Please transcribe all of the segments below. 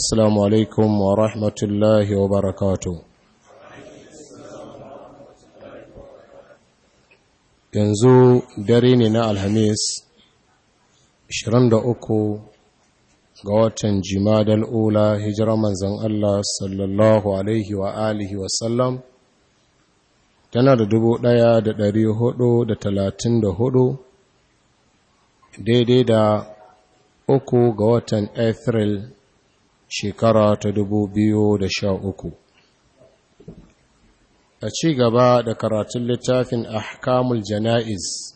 السلام عليكم ورحمة الله وبركاته yanzu dare ne na alhamis uku ga watan jimadal ula hijirar manzan Allah sallallahu alaihi wa alihi wasallam tana da 1434 daidai da uku ga watan Afril shekara ta dubu biyu da sha uku. a ci gaba da karatun littafin ahkamul jana'iz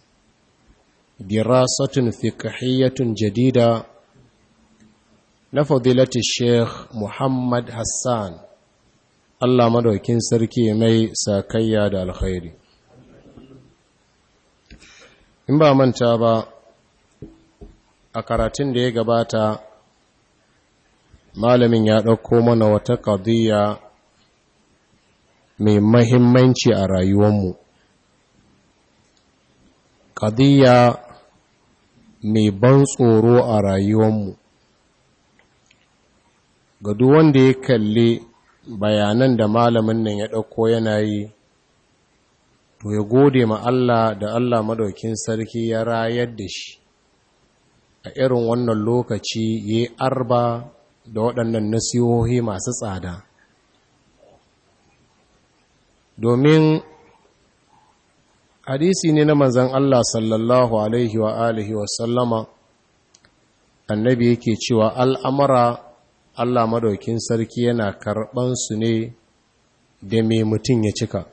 dirasatun fiqhiyyatun jadida na fadilati sheikh muhammad hassan allah madaukin sarki mai sakayya da alkhairi in ba manta ba a karatun da ya gabata malamin ya ɗauko mana wata ƙadiyya mai mahimmanci a rayuwanmu ƙadiyya mai ban tsoro a rayuwanmu ga duk wanda ya kalli bayanan da malamin nan ya ɗauko yana yi to ya gode ma Allah da Allah madaukin sarki ya rayar da shi a irin wannan lokaci ya yi arba da waɗannan nasihohi masu tsada domin hadisi ne na manzan Allah sallallahu alaihi wa alihi wa sallama annabi yake cewa al'amara Allah madaukin sarki yana karɓan su ne da mai mutum ya cika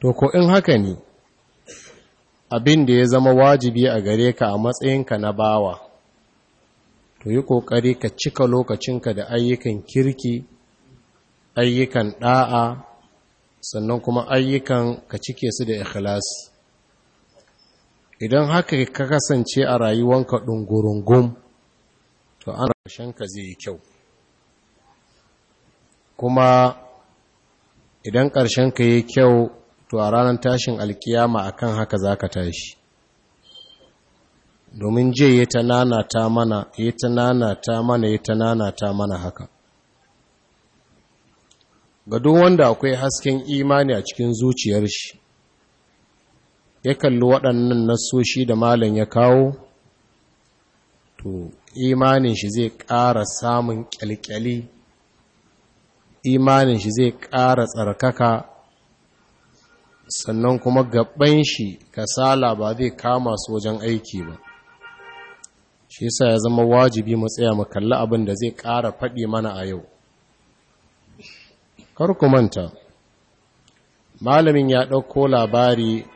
to ko in haka ne abin da ya zama wajibi a gare ka a matsayinka na bawa to yi ƙoƙari ka cika lokacinka da ayyukan kirki ayyukan ɗa'a sannan kuma ayyukan ka cike su da ikhlasi idan haka ka kasance a rayuwanka ɗungurungun to an rashenka zai yi kyau kuma idan ƙarshenka yi kyau to a ranar tashin alkiyama akan haka za ka tashi domin je ya ta nanata mana ya ta nanata mana ya ta nanata mana haka ga wanda akwai hasken imani a cikin zuciyar shi ya kalli waɗannan nasoshi da malam ya kawo to imanin shi zai ƙara samun ƙyalƙyali imanin shi zai ƙara tsarkaka sannan kuma gaban shi kasala ba zai kama su wajen aiki ba shi yasa ya zama wajibi mu tsaya mu kalli abin da zai ƙara faɗi mana a yau kar ku manta malamin ya ɗauko labari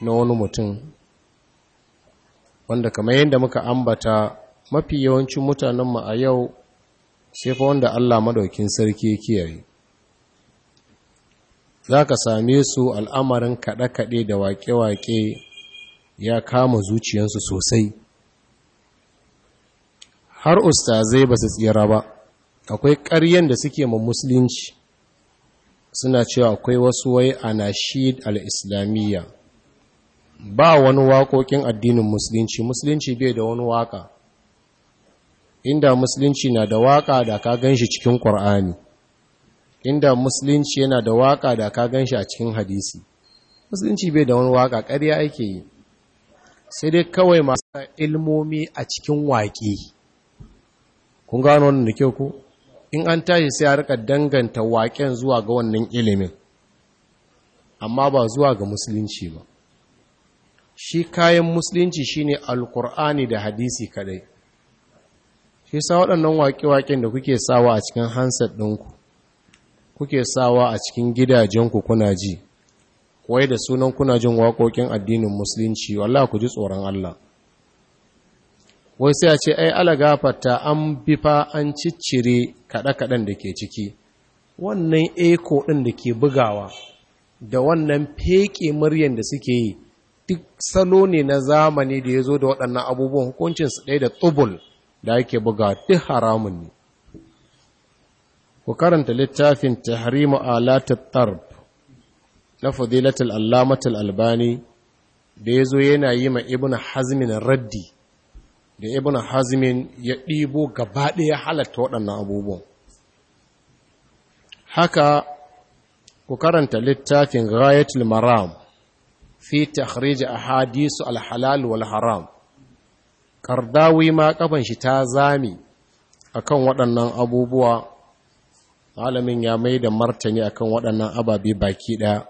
na wani mutum wanda kamar yadda muka ambata mafi yawancin mutanenmu a yau sai fa wanda Allah madaukin sarki kiyaye za ka same su al'amarin kaɗe-kaɗe da waƙe-waƙe ya kama zuciyarsu sosai har ustazai ba su tsira ba akwai ƙaryen da suke ma musulunci suna cewa akwai wasu wai a nashid al'islamiyya. ba wani waƙoƙin addinin musulunci musulunci bai da wani waƙa inda musulunci na da waƙa da ka ganshi cikin ƙur'ani inda musulunci yana da waƙa da ka ganshi a cikin hadisi musulunci bai da wani waƙa ƙarya ake yi sai dai kawai masu ilmomi a cikin waƙe kun gano wannan da kyau ku in an tashi sai a rika danganta waƙen zuwa ga wannan ilimin amma ba zuwa ga musulunci ba shi kayan musulunci shine alkur'ani da hadisi kadai shi sa waɗannan waƙe-waƙen da kuke sawa a cikin hansar ɗinku kuke sawa a cikin gidajenku kuna ji wai da sunan kuna jin waƙoƙin addinin musulunci wallah ku ji tsoron Allah wai sai a ce ai ala gafarta an bifa an ciccire kaɗe-kaɗen da ke ciki wannan eko ɗin da ke bugawa da wannan feƙe muryan da suke yi duk salo ne na zamani da ya zo da waɗannan abubuwan hukuncinsu ɗaya da tsubul da ake buga duk haramun ne ku karanta littafin tahrimu alatat tarb na fadilatul allamatul albani da ya zo yana yi ma ibn hazmin raddi da ibn hazmin ya ɗibo gaba ɗaya halatta waɗannan abubuwan haka ku karanta littafin ghayatul maram fi takhrij hadisu alhalal wal haram kardawi ma kafan shi ta zami kan waɗannan abubuwa malamin ya mai da martani akan waɗannan ababe baki ɗaya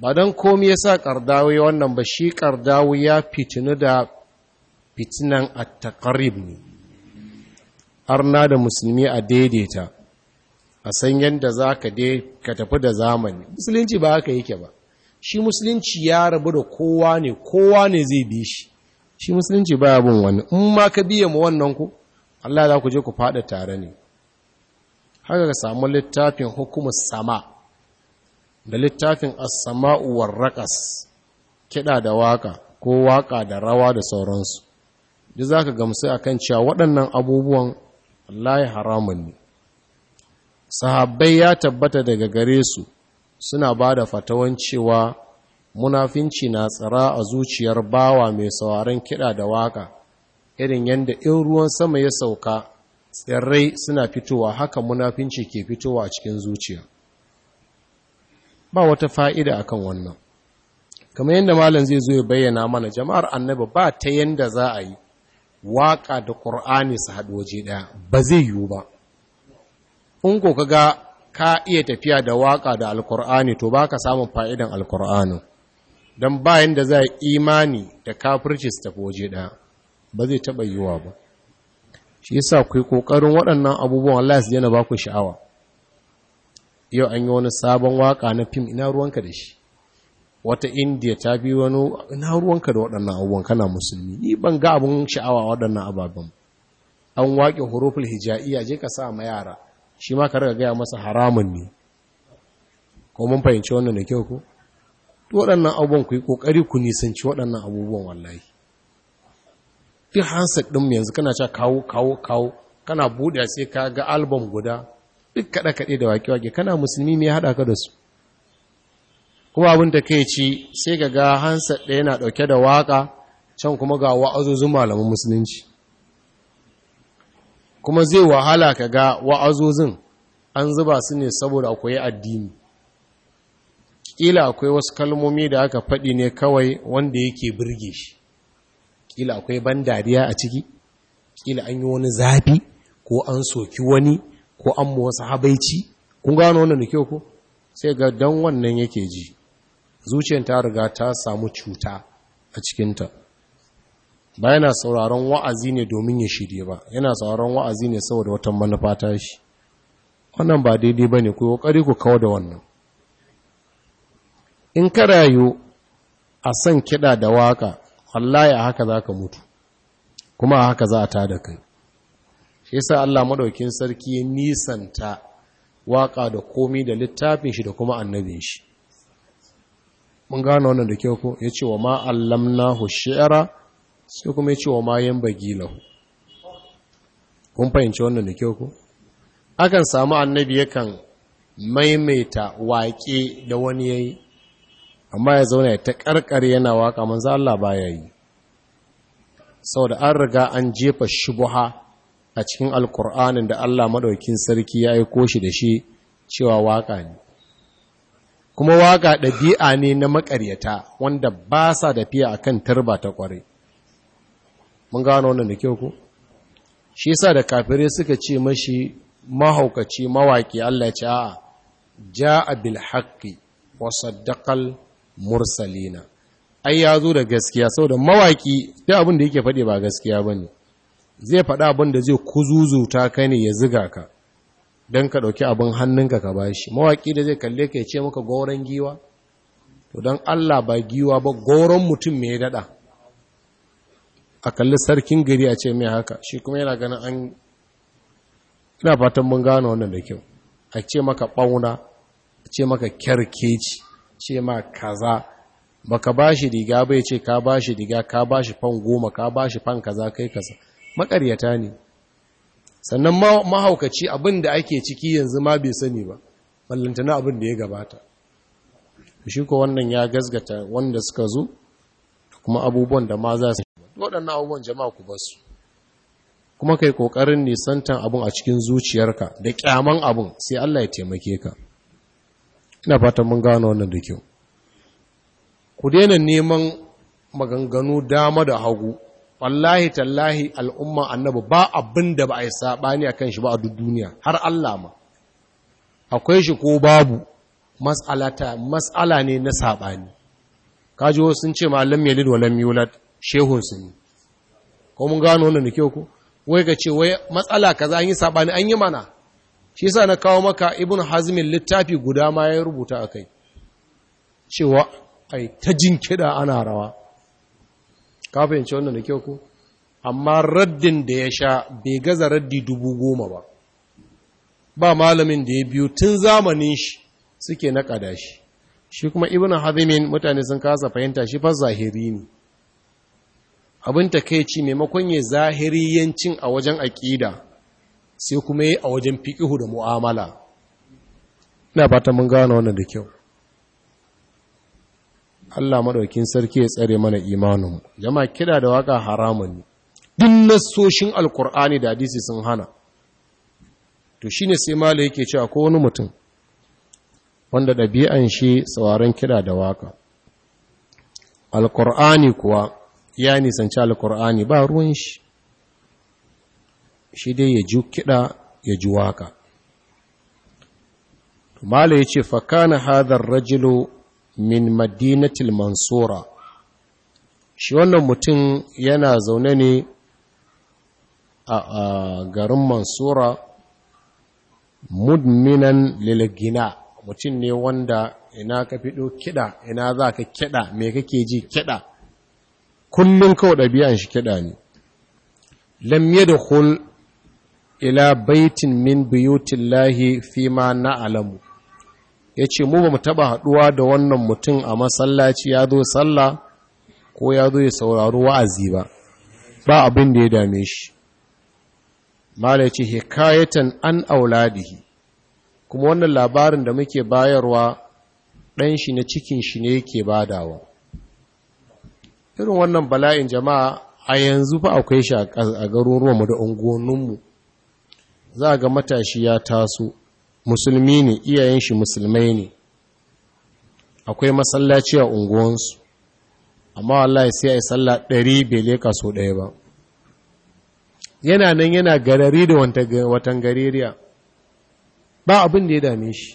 ba don komi ya sa ƙardawi wannan ba shi ƙardawi ya fitinu da fitinan attakarib ne arna da musulmi a daidaita a san yadda za ka dai ka tafi da zamani musulunci ba haka yake ba shi musulunci ya rabu da kowa ne kowa ne zai bi shi shi musulunci ba ya bin wani in ma ka biya mu wannan ku Allah za ku je ku fada tare ne haka ka samu littafin hukumar sama da littafin as-sama'u war kiɗa da waka ko waka da rawa da sauransu duk za ka gamsu a kan cewa waɗannan abubuwan layi haramun ne sahabbai ya tabbata daga gare su suna ba da fatawan cewa munafinci na tsara a zuciyar bawa mai sauraron kiɗa da waka irin yadda in ruwan sama ya sauka tsirrai suna fitowa haka munafinci ke fitowa a cikin zuciya ba wata fa'ida a kan wannan kamar yadda malam zai zo ya bayyana mana jama'ar annaba ba ta yadda za a yi waƙa da ƙur'ani su haɗu waje ɗaya ba zai yiwu ba in ko ka ga ka iya tafiya da waƙa da alƙur'ani to ba ka samun fa'idan alƙur'ani don bayan da za a imani da kafirci su tafi waje ɗaya ba zai taɓa yiwuwa ba shi yasa ku yi ƙoƙarin waɗannan abubuwan Allah su yana ba sha'awa yau an yi wani sabon waƙa na fim ina ruwanka da shi wata indiya ta bi wani na ruwanka da waɗannan abubuwan kana musulmi ni ban ga abin sha'awa waɗannan ababen an waƙe huruful hijaiya je ka sa ma yara shi ma ka gaya masa haramun ne ko mun fahimci wannan da kyau ko waɗannan abubuwan ku yi ƙoƙari ku nisanci waɗannan abubuwan wallahi duk hansa ɗin yanzu kana cewa kawo kawo kawo kana buɗe sai ka ga album guda duk kaɗe-kaɗe da waƙe-waƙe kana musulmi me ya haɗa ka da su kuma abin da kai ci sai ka ga hansa ɗaya na ɗauke da waƙa can kuma ga wa'azozin malaman musulunci kuma zai wahala ka ga wa'azozin an zuba su ne saboda akwai addini ƙila akwai wasu kalmomi da aka faɗi ne kawai wanda yake birge shi ƙila akwai ban dariya a ciki ƙila an yi wani zafi ko an soki wani ko an ma wasu habaici kun gano wannan da kyau ko sai ga don wannan yake ji zuciyar ta riga ta samu cuta a cikinta ba yana sauraron wa'azi ne domin ya shirye ba yana sauraron wa'azi ne saboda wata manufa ta shi wannan ba daidai ba ne kuwa ƙari ku kawo da wannan in ka rayu a son kiɗa da waka wallahi a haka za ka mutu kuma haka za a tada kai shi sa Allah maɗaukin sarki nisanta waka da komi da littafin shi da kuma annabin shi mun gano wannan da kyau ko ya ce wa ma allamnahu shi'ara sai kuma ya ce wa ma yanbaghi kun fahimci wannan da kyau ko akan samu annabi yakan maimaita waƙe da wani yayi amma ya zauna ya ta karkar yana waka manzo Allah baya yi saboda an riga an jefa shubuha a cikin alkur'anin da Allah madaukin sarki ya aiko shi da shi cewa waka ne kuma waka ɗabi'a ne na maƙaryata wanda ba sa da fiye kan tarba ta ƙware mun gano wannan da kyau ku shi sa da kafirai suka ce mashi mahaukaci mawaƙi Allah ce a ja bil haƙƙi wa saddaqal mursalina ai ya zo da gaskiya saboda mawaƙi ta abin da yake faɗi ba gaskiya ba ne, zai faɗa abin da zai kuzuzuta ka ne ya ziga ka don ka ɗauki abin hannunka ka bashi mawaƙi da zai kalle ka ce maka goron giwa to don Allah ba giwa ba goron mutum mai daɗa a kalli sarkin gari a ce mai haka shi kuma yana ganin an ina fatan mun gano wannan da kyau a ce maka ɓauna a ce maka kyarkeci ce ma kaza baka bashi riga bai ce ka bashi riga ka bashi fan goma ka bashi fan kaza kai kaza maƙaryata ne sannan mahaukaci abin da ake ciki yanzu ma bai sani ba ballantana abin da ya gabata shi ko wannan ya gazgata wanda suka zo kuma abubuwan da ma za su waɗannan abubuwan jama'a ku basu kuma kai kokarin nisantan abun a cikin zuciyarka da ƙyaman abun sai Allah ya taimake ka ina fatan mun gano wannan da kyau ku daina neman maganganu dama da hagu wallahi tallahi al'umma annabu ba abin da ba a yi saɓani a kan shi ba a duk duniya har Allah ma akwai shi ko babu matsala ne na saɓani kaji wasu sun ce ma lam yalid wa lam yulad shehun su ne ko mun gano wannan da kyau ko wai ga ce wai matsala kaza an yi saɓani an yi mana shi sa na kawo maka ibn hazmin littafi guda ma ya rubuta a kai cewa ai ta jin kiɗa ana rawa ka fahimci wannan da kyau ku? amma raddin da ya sha bai gaza raddi dubu goma ba ba malamin da ya biyu tun zamanin shi suke na kada shi shi kuma ibn hazimin mutane sun kasa fahimta shi fa zahiri ne abin ta ci maimakon ya yancin a wajen aƙida sai kuma yi a wajen fiƙihu da mu'amala ina fata mun gano wannan da kyau Allah maɗaukin sarki ya tsare mana imaninmu jama kida da waka haramun ne din nassoshin alkur'ani da hadisi sun hana to shi ne sai mala yake cewa ko wani mutum wanda ɗabi'an shi sauraron kida da waka alkur'ani kuwa ya nisanci alkur'ani ba ruwan shi shi dai ya ji kida ya ji waka mala yace fakana hadar rajilo min madinatil mansura shi wannan mutum yana zaune ne a garin mansura mudminan lilgina mutum ne wanda ina ka fido kiɗa ina za ka kiɗa me kake ji kiɗa kullum kawai ɗabi'an shi kiɗa ne lam yadkhul ila baitin min buyutillahi fima na'lamu ya ce mu ba mu taɓa haduwa da wannan mutum a masallaci ya zo sallah ko ya zo ya sauraro wa'azi ba ba abin da ya dame shi mala ya ce hikayatan an auladihi kuma wannan labarin da muke bayarwa ɗan shi na cikin shi ne yake badawa irin wannan bala'in jama'a a yanzu fa akwai shi a garuruwanmu da unguwanninmu za a ga matashi ya taso musulmi ne iyayen shi musulmai ne akwai masallaci a unguwansu amma wallahi sai a yi sallah ɗari bai leka so ɗaya ba yana nan yana garari da watan gaririya ba abin da ya dame shi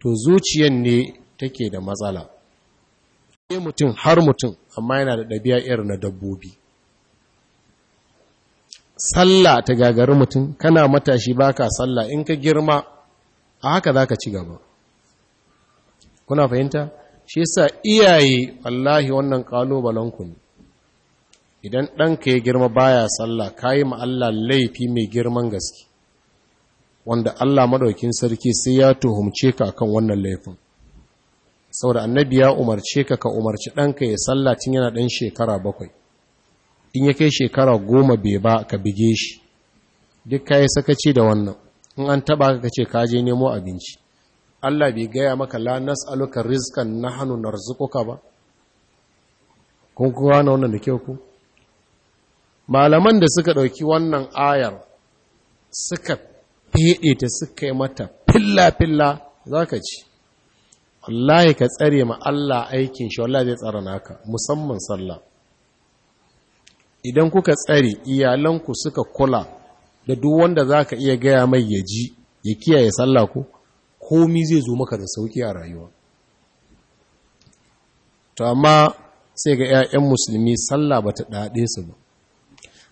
to zuciyan ne take da matsala sai mutum har mutum amma yana da ɗabi'a irin na dabbobi sallah ta gagari mutum kana matashi baka sallah in ka girma a haka zaka ci gaba kuna fahimta shi yasa iyaye wallahi wannan kalubalen ku ne idan ɗanka ya girma baya sallah kayi ma Allah laifi mai girman gaske wanda Allah madaukin sarki sai ya tuhumce ka akan wannan laifin saboda annabi ya umarce ka ka umarci ɗanka ya sallah tun yana ɗan shekara bakwai in ya kai shekara goma bai ba ka bige shi duk ka yi sakaci da wannan in an taba ka ce ka je nemo abinci Allah bai gaya maka la nas'aluka na nahnu narzuquka ba kun kuwa na wannan da kyau ku malaman da suka ɗauki wannan ayar suka fede ta suka yi mata filla filla ka ci wallahi ka tsare ma Allah aikin shi wallahi zai tsara naka musamman sallah idan kuka tsare iyalanku suka kula da duk wanda za ka iya gaya mai ya ji ya kiyaye sallah ko komi zai zo maka da sauki a rayuwa to amma sai ga 'ya'yan musulmi sallah ba ta daɗe su ba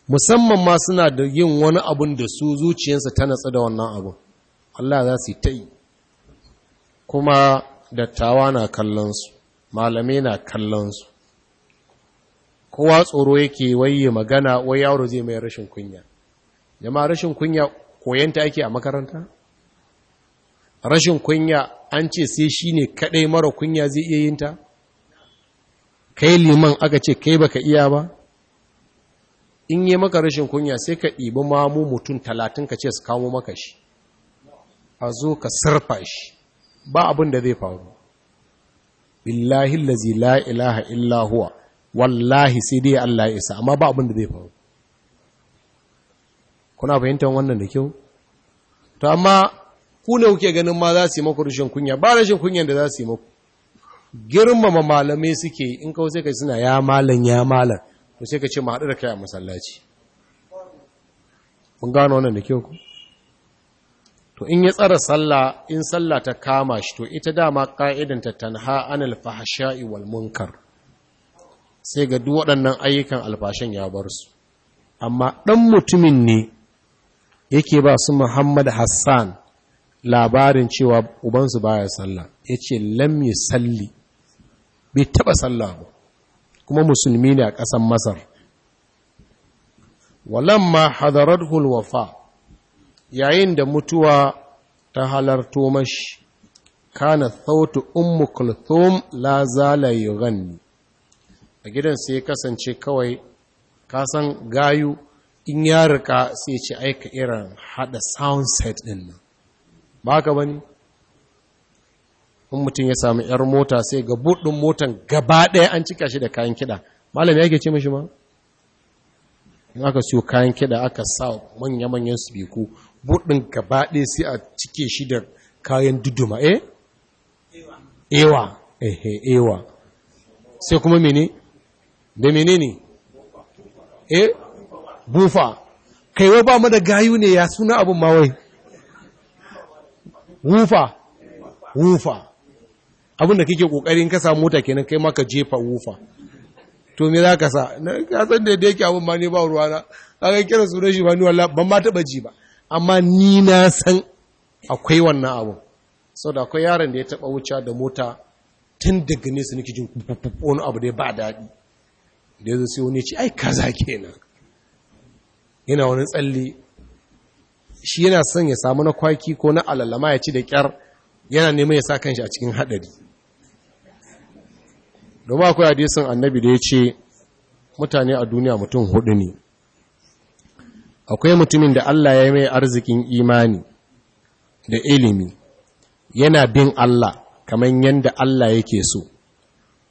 musamman ma suna da yin wani abun da su zuciyarsa ta natsa da wannan abun Allah za su yi ta yi kuma dattawa na kallonsu malamai na kallonsu kowa tsoro yake waye magana wai yaro zai mai rashin kunya jama'a rashin kunya koyanta ake a makaranta rashin kunya an ce sai shi ne kadai mara kunya zai iya yin ta kai liman aka ce kai baka iya ba in yi maka rashin kunya sai ka ɗibi mamu mutum talatin ka ce su kamo maka shi a zo ka sarfa shi ba abin da zai faru billahi lazi la ilaha illahuwa wallahi sai dai Allah ya isa amma ba abin da zai faru kuna fahimtar wannan da kyau to amma ku ne kuke ganin ma za su yi maku rashin kunya ba rushin kunya da za su yi maku girmama malamai suke in kawo sai ka suna ya malam ya malam to sai ka ce ma haɗu kai a masallaci mun gano wannan da kyau ku to in ya tsara sallah in sallah ta kama shi to ita dama ka'idanta tanha anil fahsha'i wal munkar sai ga duk waɗannan ayyukan alfashin ya bar su amma ɗan mutumin ne yake ba su Muhammad Hassan labarin cewa ubansu baya sallah ce lam salli bai taba sallah ba kuma musulmi ne a ƙasan Masar walamma hadarar hulwafa yayin da mutuwa ta halarto mashi kana sautu ummu kulthum la zala ganni. a gidan sai ya kasance kawai kasan gayu in ya rika sai ce aika irin hada sound set din nan ba ka bane in mutum ya sami yar mota sai ga buɗin motan gaba ɗaya an cika shi da kayan kiɗa malam ya ke ce mashi ma in aka siyo kayan kiɗa aka sa manya-manyan biku, buɗin gaba ɗaya sai a cike shi da kayan duduma eh ewa ehe ewa sai kuma mene da menene eh bufa kaiwa ba mu da gayu ne ya suna abin mawai wufa wufa abin da kake kokarin ka samu mota kenan kai maka jefa wufa to me za ka sa ka san da yake abin ma ne ba ruwa na kaga kira sunan shi ba ni wallahi ban ma taba ji ba amma ni na san akwai wannan abun saboda akwai yaron da ya taba wuce da mota tun daga nesa nake jin wani abu da ba daɗi da ya sai wani ce ai kaza kenan yana wani tsalle shi yana son ya samu na kwaki ko na alalama ya ci da kyar yana neman ya sa kanshi a cikin hadari domin akwai hadisin annabi da ya ce mutane a duniya mutum hudu ne akwai mutumin da Allah ya mai arzikin imani da ilimi yana bin Allah kamar yadda Allah yake so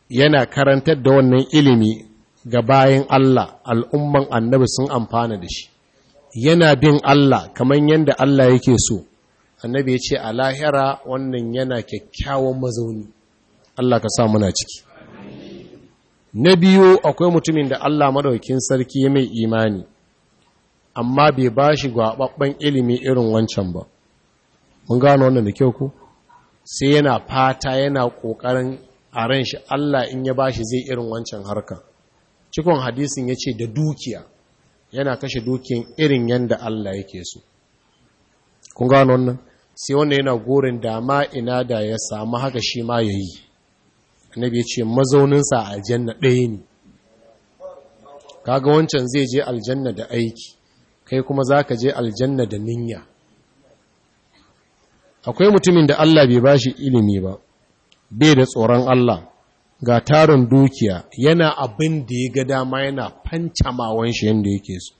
yana karantar da wannan ilimi ga bayan Allah al'umman annabi sun amfana da shi yana bin Allah kamar yadda Allah yake so annabi ya ce a lahira wannan yana kyakkyawan mazauni Allah ka sa muna ciki na biyu akwai mutumin da Allah madaukin sarki mai imani amma bai ba shi gwaɓaɓɓen ilimi irin wancan ba mun gano wannan da kyau ku sai yana fata yana ƙoƙarin a ran shi Allah in ya ba shi zai irin wancan harka cikon hadisin ya ce da dukiya yana kashe dukiyan irin yadda Allah yake so kun gano wannan sai wanda yana gorin dama ina da ya samu haka shi ma ya yi annabi ya ce mazauninsa a aljanna ɗaya ne kaga wancan zai je aljanna da aiki kai kuma za ka je aljanna da ninya akwai mutumin da Allah bai bashi ilimi ba bai da tsoron Allah ga tarin dukiya yana abin da ya ga dama yana fancamawan shi yadda yake so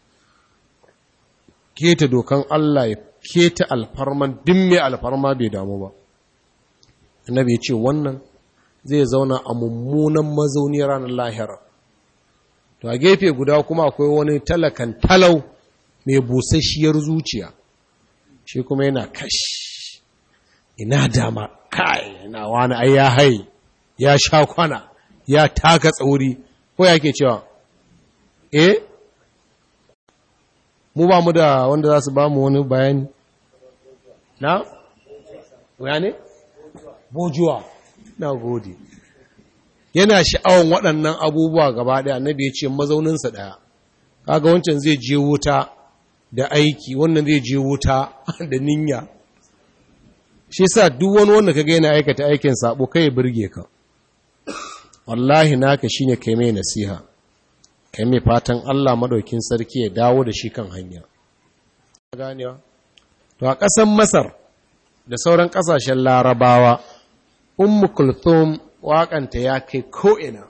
keta dokan Allah ya keta alfarma din mai alfarma bai damu ba annabi ya ce wannan zai zauna a mummunan mazauni ranar lahira to a gefe guda kuma akwai wani talakan talau mai busasshiyar zuciya shi kuma yana kashi ina dama kai ina wani ai ya haye ya sha kwana ya taka tsauri ko ya ke cewa eh mu ba mu da wanda za su ba mu wani bayani na wuya ne bojuwa na gode yana sha'awan waɗannan abubuwa gaba ɗaya na bai ce mazauninsa ɗaya kaga wancan zai je wuta da aiki wannan zai je wuta da ninya shi sa duk wani wanda kaga yana aikata aikin sabo kai ya burge ka wallahi naka shine kai mai nasiha kai mai fatan Allah madaukin sarki ya dawo da shi kan hanya ganewa to a ƙasan Masar da sauran ƙasashen Larabawa Ummu Kulthum waƙanta ya kai ko'ina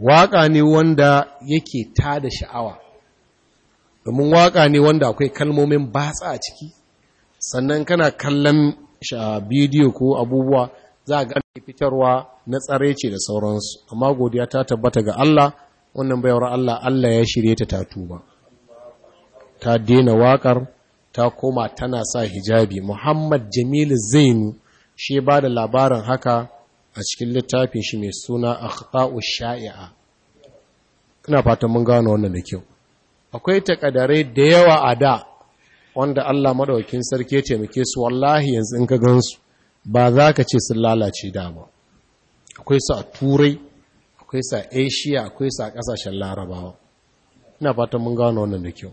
waƙa ne wanda yake tada sha'awa domin waƙa ne wanda akwai kalmomin batsa a ciki sannan kana kallon bidiyo ko abubuwa za ga gani fitarwa na tsare ce da sauransu amma godiya ta tabbata ga Allah wannan bayar Allah Allah ya shirye ta ta tuba ta daina wakar ta koma tana sa hijabi Muhammad Jamil Zainu shi ba da labarin haka a cikin littafin shi mai suna Akhta'u Sha'i'a ina fatan mun gano wannan da kyau akwai takadare da yawa a da wanda Allah madaukakin sarki ya taimake su wallahi yanzu in ka gansu ba za ka ce sun lalace da ba. akwai su a turai akwai su a asia akwai su a ƙasashen larabawa ina fatan mun gano wannan da kyau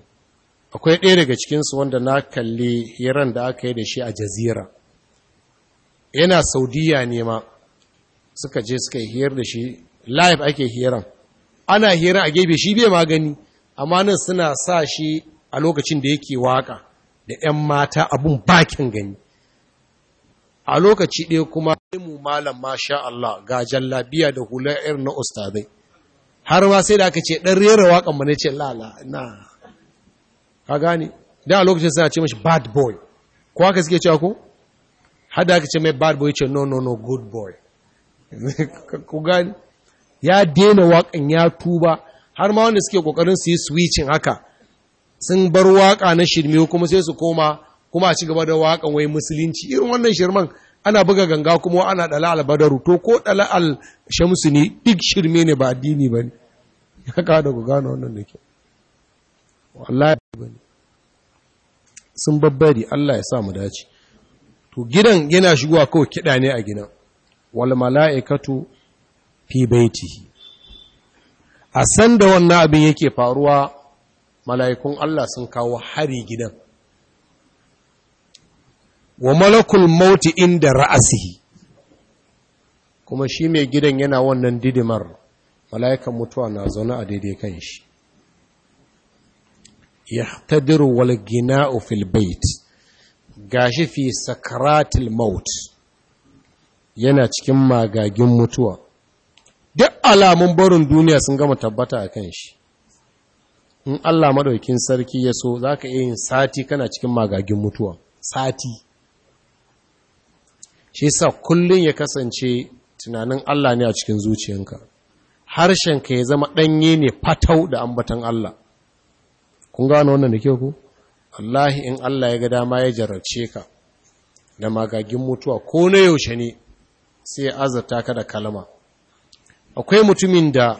akwai ɗaya daga cikinsu wanda na kalli hiran da aka yi da shi a jazira yana saudiya ne ma suka je suka yi hiyar da shi live ake hiran ana hiran a gefe shi bai magani amma nan suna sa shi a lokacin da yake waka da 'yan mata abun bakin gani a lokaci ɗaya kuma mu malam masha Allah ga jallabiya da hula irin na ustazai har ma sai da aka ce ɗan rera waƙan mu ne ce lala na ka gane da a lokacin suna ce mashi bad boy ko haka suke cewa ko har da aka ce mai bad boy ce no no no good boy ku gane ya dena waƙan ya tuba har ma wanda suke kokarin su yi switching haka sun bar waƙa na shirme kuma sai su koma kuma a ci gaba da waƙan wai musulunci irin wannan shirman ana buga ganga kuma ana dala albadaru to ko dala al shamsu ne duk shirme ne ba addini ba ne ya kawo da ku gano wannan da ke wallahi ba ne sun babbari Allah ya sa mu dace to gidan yana shigowa kawai kiɗa ne a gidan wal mala'ikatu fi baitihi a san da wannan abin yake faruwa mala'ikun Allah sun kawo hari gidan wa malakul mauti inda ra'asihi kuma shi mai gidan yana wannan didimar mala'ikan mutuwa na zaune a daidai kan shi yahtadiru wal gina'u fil bait gashi fi sakaratil maut yana cikin magagin mutuwa duk alamun barin duniya sun gama tabbata a kan shi in Allah maɗaukin sarki ya so zaka iya yin sati kana cikin magagin mutuwa sati shi sa kullum ya kasance tunanin Allah ne a cikin zuciyanka harshenka ya zama ɗanye ne fatau da ambatan Allah kun gano wannan da ke ku wallahi in Allah ya ga dama ya jarrace ka da magagin mutuwa ko na yaushe ne sai ya azarta ka da kalma akwai mutumin da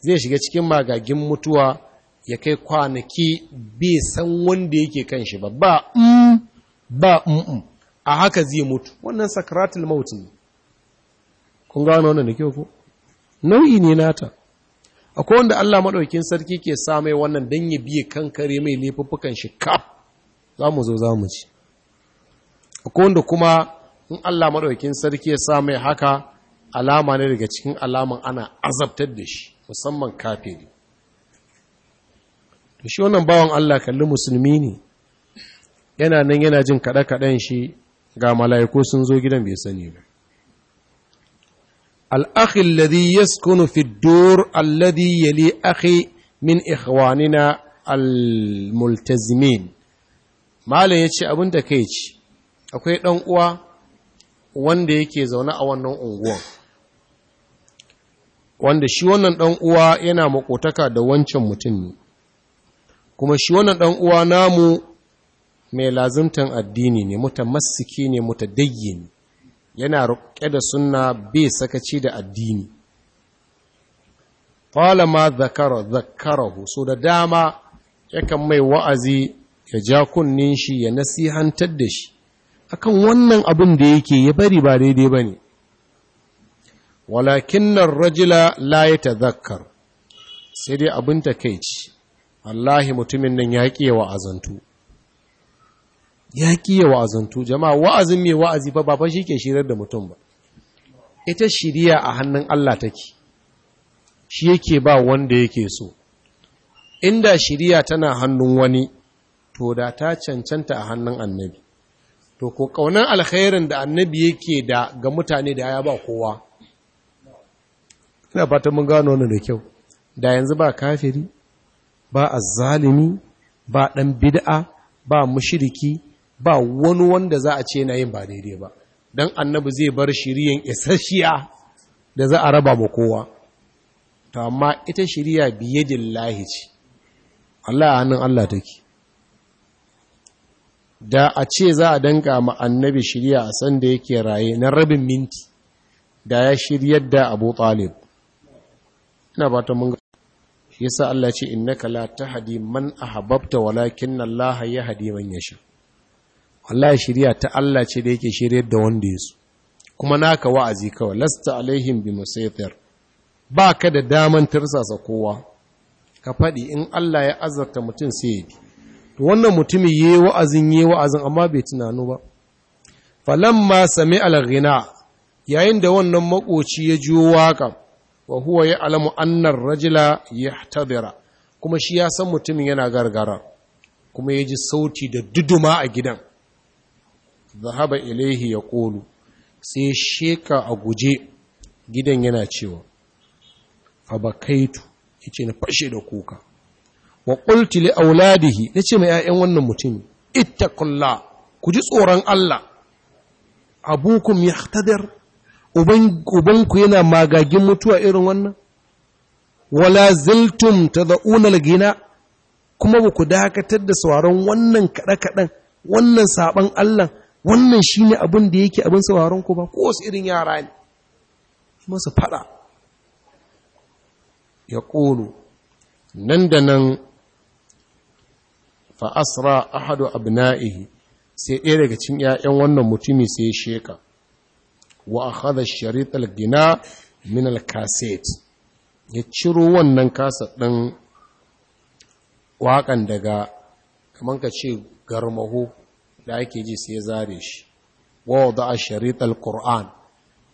zai shiga cikin magagin mutuwa ya kai kwanaki bai san wanda yake kan shi ba ba mm ba mm, mm. a haka zai mutu wannan sakratul maut ne kun gano wannan da kyau ko nau'i ne nata akwai wanda Allah maɗaukin sarki ke samai wannan dan ya biye kankare mai laifuffukan shi kaf zamu zo zamu ci akwai wanda kuma in Allah maɗaukin sarki ya sa haka alama ne daga cikin alaman ana azabtar da shi musamman kafiri to shi wannan bawan Allah kalli musulmi ne yana nan yana jin kaɗe-kaɗen shi ga mala'iku sun zo gidan bai sani ba الأخ الذي يسكن في الدور Yali min أخي من al-multazimin. malam ya ce abin da kai ci akwai ɗan uwa wanda yake zaune a wannan unguwan wanda shi wannan ɗan uwa yana makotaka da wancan mutum ne kuma shi wannan ɗan uwa namu mai lazumtan addini ne masiki ne ne. yana rukke da suna bai sakaci da addini ma zakara zakarahu so da dama yakan mai wa'azi ya ja kunnin shi ya nasihantar da shi akan wannan abin da yake ya bari ba daidai ba ne nan rajila laye ta zakar sai dai abin ta ci Allahi mutumin nan ya ƙi wa'azantu ya kiye wa'azantu jama'a wa'azin mai wa'azi fa ba shi ke shirar da mutum ba ita shirya a hannun Allah take shi yake ba wanda yake so inda shiriya tana hannun wani to da ta cancanta a hannun annabi to ko ƙaunar alkhairin da annabi yake da ga mutane da ya ba kowa ina fata mun gano wani da kyau da yanzu ba kafiri ba azzalimi ba dan bid'a ba mushiriki. ba wani wanda za a ce na yin ba daidai ba don annabi zai bar shiriyan isasshiya da za a raba ma kowa ta amma ita shiriya biye dillahi ce Allah hannun Allah take da a ce za a danka ma annabi shiriya a sanda yake raye na rabin minti da ya shiryar da abu talib ina ba ta munga shi yasa Allah ce innaka la tahdi man ahbabta walakin Allah hadi man yasha Allah shirya ta Allah ce da yake shiryar da wanda ya so kuma naka wa'azi kawai lasta alaihim bi musaytir ba ka da daman tirsasa kowa ka faɗi in Allah ya azarta mutum sai ya bi to wannan mutumi yi wa'azin yi wa'azin amma bai tunanu ba falamma sami al-ghina yayin da wannan makoci ya ji waka wa huwa ya alamu annar rajula yahtadira kuma shi ya san mutumin yana gargara kuma ya ji sauti da duduma a gidan zahaba ilaihi ya ƙolu sai sheka a guje gidan yana cewa fabakaitu ya ce na fashe da kuka wa ƙulti li auladihi na ce mai ‘ya'yan wannan mutum kulla ku ji tsoron Allah abukum ya ubanku yana magagin mutuwa irin wannan wala ziltum ta za'unar gina kuma ba ku dakatar da sauran wannan kaɗa-kaɗan wannan saɓan Allah wannan shi ne abin da yake abin sauraron ku ba ko wasu irin yara ne kuma su faɗa ya ƙolo nan da nan fa'asra ahadu abna'ihi sai ɗaya daga cin ‘ya'yan wannan mutumi sai sheka wa a haɗa sharitar gina min alkaset ya ciro wannan kasa ɗin waƙan daga kamar ka ce garmaho da ake ji sai zare shi wa wada a sharitar ƙoran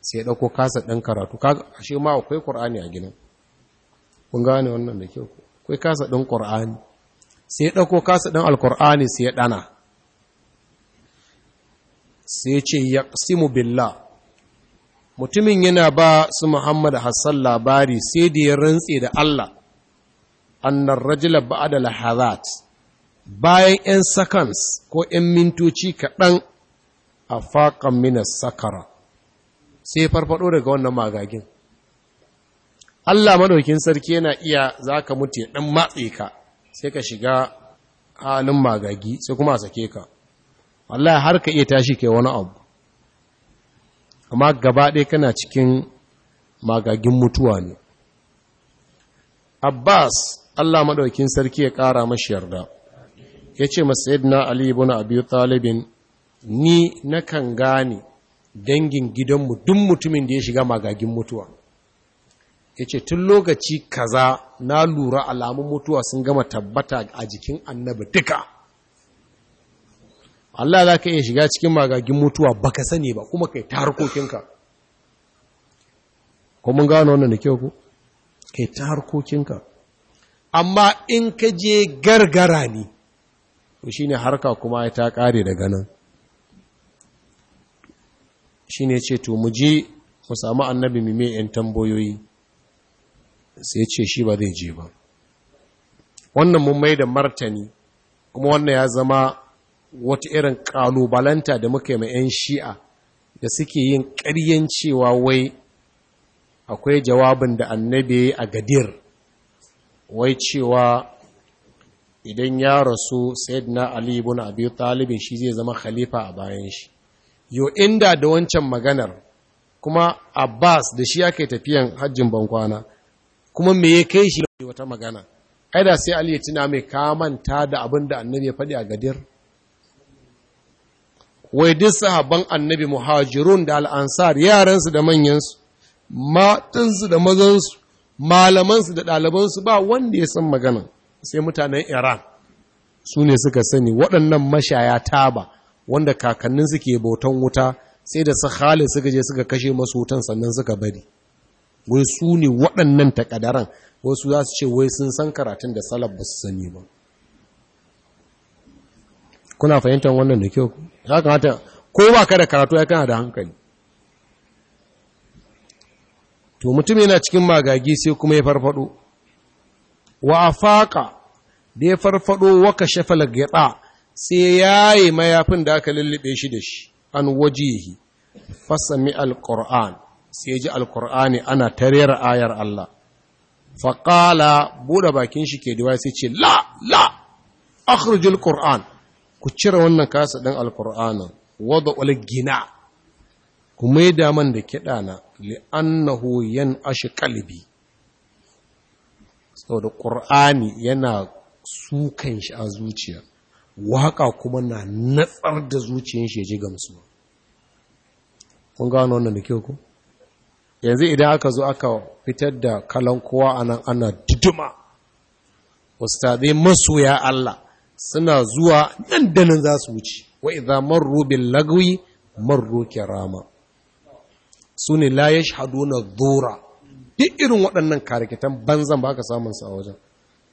sai ɗauko kasa ɗan karatu ashe ma akwai ƙur'ani a gina kun gane wannan da kyau akwai kasa ɗin ƙur'ani sai ɗauko kasa ɗin alƙur'ani sai ya ɗana sai ce ya simu billa. mutumin yana ba su muhammad hassan labari sai da ya rantse da allah annar rajula ba'ada lahazat bayan 'yan sakans ko 'yan mintoci kaɗan a faƙan mina sakara sai farfaɗo daga wannan magagin Allah maɗaukin sarki yana iya za ka mutu ɗan matse ka sai ka shiga halin magagi sai kuma sake ka Allah har ka iya tashi ke wani abu amma gaba ɗaya kana cikin magagin mutuwa ne Abbas Allah maɗaukin sarki ya ƙara mashi yarda ya ce masayidina Ali ibn Abi Talibin ni nakan gane dangin gidanmu duk mutumin da ya shiga magagin mutuwa ya ce tun lokaci kaza na lura alamun mutuwa sun gama tabbata a jikin annabi duka Allah za ka iya shiga cikin magagin mutuwa baka sani ba kuma kai ta harkokinka kuma gano wannan da kyau ku kai ta harkokinka amma in ka je gargara ne shine harka kuma ta ƙare daga nan shine ce to mu je mu samu annabi mime mai yan tambayoyi sai ce shi ba zai je ba wannan mun mai da martani kuma wannan ya zama wata irin ƙalubalanta da muka yi ma 'yan shi'a da suke yin ƙaryen cewa wai akwai jawabin da annabi a gadir wai cewa idan ya rasu na ali ibn abi talibin shi zai zama khalifa a bayan shi yo inda da wancan maganar kuma abbas da shi ake tafiyan hajjin bankwana kuma me ya kai shi wata magana ai da sai ali ya tuna mai kamanta da abin da annabi ya faɗi a gadir wai duk sahabban annabi muhajirun da al'ansar yaransu da manyansu matansu da mazansu malamansu da ɗalibansu ba wanda ya san magana sai mutanen iran su ne suka sani waɗannan mashaya taba wanda kakannin suke bautan wuta sai da su hali suka je suka kashe masu wutan sannan suka bari wai su ne waɗannan takadaran wasu za su ce wai sun san karatun da salaf ba su sani ba kuna fahimtar wannan da kyau ya kamata ko ba ka da karatu ya kana da hankali to mutum yana cikin magagi sai kuma ya farfado wa afaqa da ya farfaɗo waka shafala gida sai yi mayafin da aka lullube shi da shi an wajihi fasami alƙur'an sai ji Alƙur'ani ana tarera ayar Allah faƙala buɗe bakin shi ke diwaye sai ce la la akhrijul qur'an ku cire wannan kasa ɗin alqur'anin wada gina ku maida man da na li'annahu yan ashi kalbi saboda ƙur'ani yana sukan shi a zuciya waƙa kuma na natsar da zuciyan shi ya ji gamsuwa kun gano wannan da kyau ku yanzu idan aka zo aka fitar da kalan kowa a nan ana diduma ustazai masoya Allah suna zuwa nan da nan za su wuce wa idza marru bil lagwi marru kirama sune la yashhaduna dhura duk irin waɗannan karikitan banzan ba ka samun sa a wajen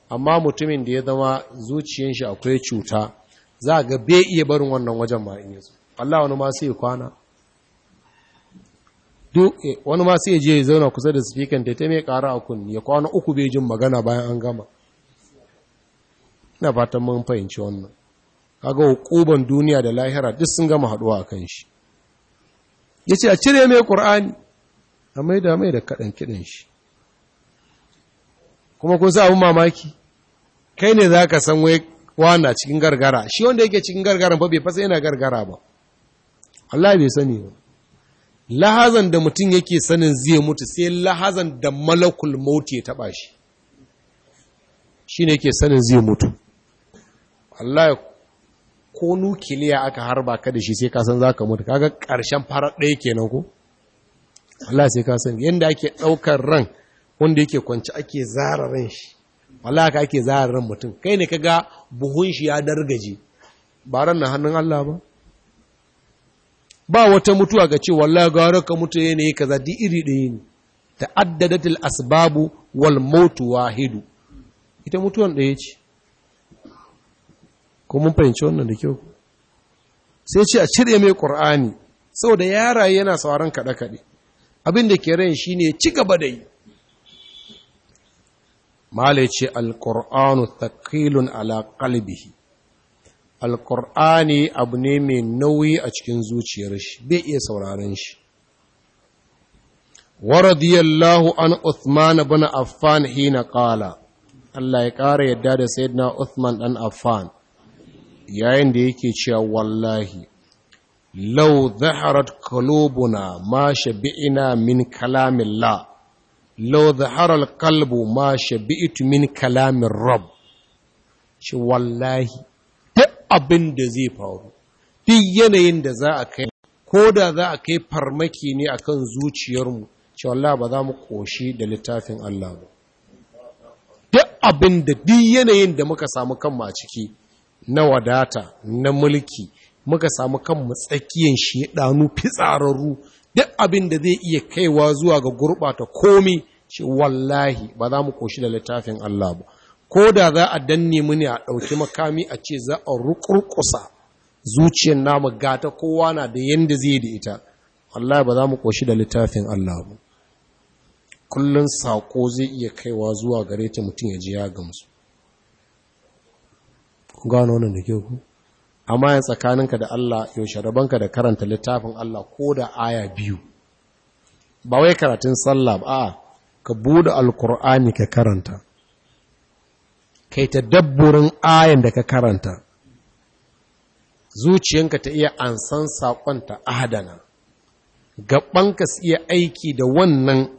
amma mutumin da ya zama zuciyan shi akwai cuta za ga bai iya barin wannan wajen ma in Allah wani ma sai kwana eh, wani ma sai je ya zauna kusa da speaker da ta mai ƙara a kunni ya kwana uku bai jin magana bayan an gama ina fatan mun fahimci wannan kaga hukuban duniya da lahira duk sun gama haɗuwa a kan shi yace a cire mai qur'ani a maida mai da kaɗan kiɗin shi kuma kun sa abin mamaki kai ne za ka san wai wana cikin gargara shi wanda yake cikin gargara ba bai fasa yana gargara ba Allah bai sani ba lahazan da mutum yake sanin zai mutu sai lahazan da malakul mauti ya taba shi shi ne yake sanin zai mutu Allah ko nukiliya aka harba ka da shi sai ka san za ka mutu kaga ƙarshen farar ɗaya kenan ko Allah sai ka sani yanda ake ɗaukar ran wanda yake kwanci ake zara ran shi wallahi ka ake zara ran mutum kai ne kaga buhun shi ya dargaje ba ran na hannun Allah ba ba wata mutuwa ga ce wallahi gara ka mutu yanayi kaza di iri ɗaya ne ta'addadatil asbabu wal mautu wahidu ita mutuwan ɗaya ce ko mun fahimci wannan da kyau sai ce a cire mai ƙur'ani saboda yara yana sauran kaɗe-kaɗe abin da ke ran shi ne ci gaba da yi malice alkur'anu takilun ala ƙalbihi alkur'ani abu ne mai nauyi a cikin zuciyar shi bai iya sauraron shi waradiyallahu an Uthman bin Affan hina qala Allah ya ƙara yadda da Sayyidina Uthman dan Affan yayin da yake cewa wallahi lau zaharat kalubuna ma shabi'ina min kalamin la lau zaharar kalbu ma shabi'itu min kalamin rab shi wallahi abin da zai faru duk yanayin da za a kai ko da za a kai farmaki ne akan zuciyarmu shi wallahi ba za mu ƙoshi da littafin Allah ba duk abin da duk yanayin da muka samu kanmu a ciki na wadata na mulki muka samu kanmu tsakiyan fi fitsararru duk abin da zai iya kaiwa zuwa ga gurbata komi ce wallahi ba za mu koshi da littafin Allah ba ko da za a danne muni a ɗauki makami a ce za a rukurkusa zuciyar namu gata kowa na da yanda zai da ita wallahi ba za mu koshi da littafin Allah ba kullum saƙo zai iya kaiwa zuwa gare ta mutum ya ji ya gamsu amma yin tsakaninka da Allah yaushe rabanka da karanta littafin Allah ko da aya biyu ba wai karatun sallah ba a ka buɗe alkur'ani ka karanta kai ta dabburin ayan da ka karanta zuciyanka ta iya ansan saƙon ta adana gaɓanka su iya aiki da wannan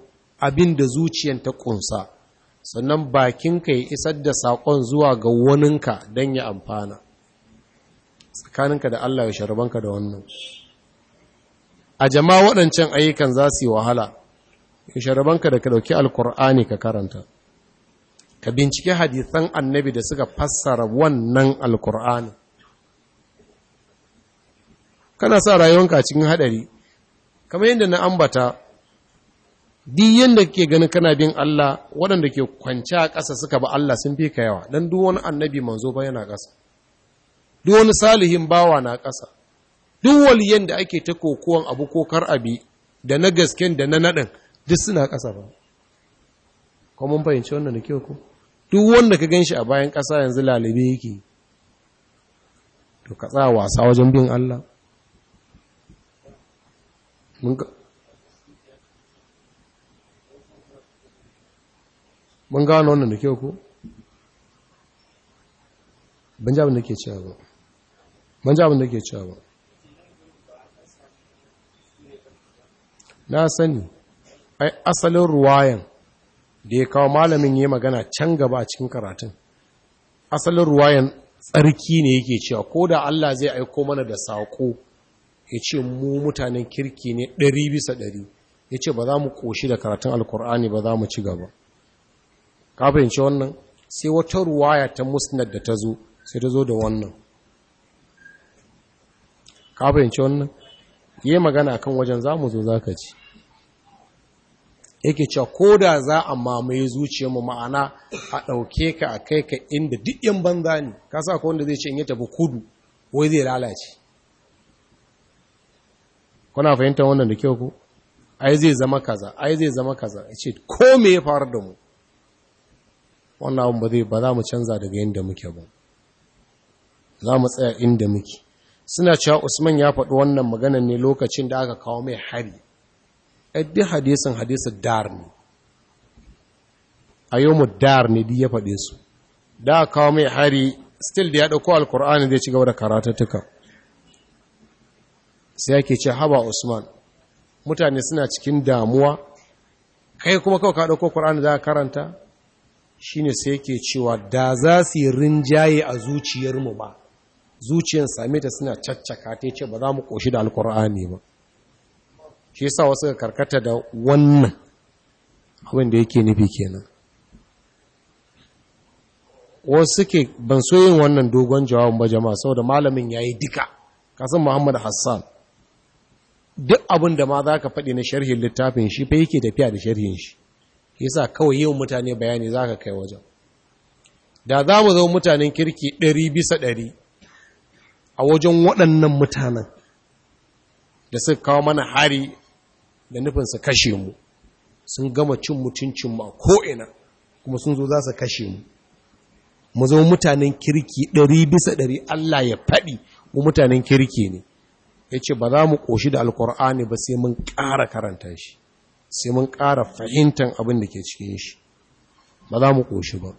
abin da zuciyan ta ƙunsa sannan bakinka ya isar da saƙon zuwa ga waninka don ya amfana tsakaninka da Allah ya sharbanka da wannan a jama'a waɗancan ayyukan za su yi wahala ya sharbanka da ka ɗauki alkur'ani ka karanta ka bincike hadithan annabi da suka fassara wannan alkur'ani kana sa rayuwanka cikin haɗari kamar yadda na ambata duk yadda ke ganin kana bin Allah waɗanda ke kwanci a ƙasa suka ba Allah sun fi ka yawa don duk wani annabi manzo ba yana ƙasa duk wani salihin bawa na ƙasa duk waliyan da ake ta kokowan abu ko kar abi da na gasken da na naɗin duk suna ƙasa ba ko mun fahimci wannan da kyau ko duk wanda ka ganshi a bayan ƙasa yanzu lalabe yake to ka tsaya wasa wajen bin Allah mun gano wannan da kyau ko ban da ke cewa ba ban abin da ke cewa ba na sani ai asalin ruwayan da ya kawo malamin ya magana can gaba a cikin karatun asalin ruwayan tsarki ne yake cewa ko da Allah zai aiko mana da saƙo ya ce mu mutanen kirki ne ɗari bisa ɗari ya ce ba za mu ƙoshi da karatun alkur'ani ba za mu ci gaba ka fahimci wannan sai wata ruwaya ta musnad da ta zo sai ta zo da wannan ka fahimci wannan yi magana kan wajen za mu zo za ka ci yake cewa ko da za a mamaye mu ma'ana a ɗauke ka a kai ka inda duk yan banza ne ka sa wanda zai ce in ya tafi kudu wai zai lalace kuna fahimtar wannan da kyau ku ai zai zama kaza ai zai zama kaza ya ce ko me ya faru da mu wannan abin ba za mu canza daga yadda muke ba za mu tsaya inda muke suna cewa Usman ya faɗi wannan maganan ne lokacin da aka kawo mai hari ɗaddi hadisun hadisin dar ne a yau dar ne ya faɗe su da aka kawo mai hari still da ya ɗauko alkur'ani zai ci gaba da karatattuka sai ake ce haba Usman mutane suna cikin damuwa kai kuma kawai ka ɗauko ƙur'ani za a karanta shine sai yake cewa da za su yi rinjaye a zuciyarmu ba zuciyar same ta suna caccaka ta ce ba za mu ƙoshi da alkur'ani ba shi yasa wasu karkata da wannan abin da yake nufi kenan wasu suke ban so yin wannan dogon jawabin ba jama'a saboda malamin ya yayi duka kasan Muhammadu Hassan duk abin da ma ka faɗi na sharhin littafin shi fa yake tafiya da sharhin shi sa kawai yau mutane bayani za ka kai wajen da za mu zo mutanen kirki ɗari bisa ɗari. a wajen waɗannan mutanen da suka kawo mana hari da nufinsa kashe mu sun gama cin mutuncinmu a ko'ina kuma sun zo za su kashe mu mu zo mutanen kirki ɗari bisa ɗari Allah ya faɗi mu mutanen kirki ne ya ce ba za mu ƙoshi da alkur'ani ba sai mun ƙara karanta shi sai mun ƙara fahimtar abin da ke cikin shi ba za mu ƙoshi ba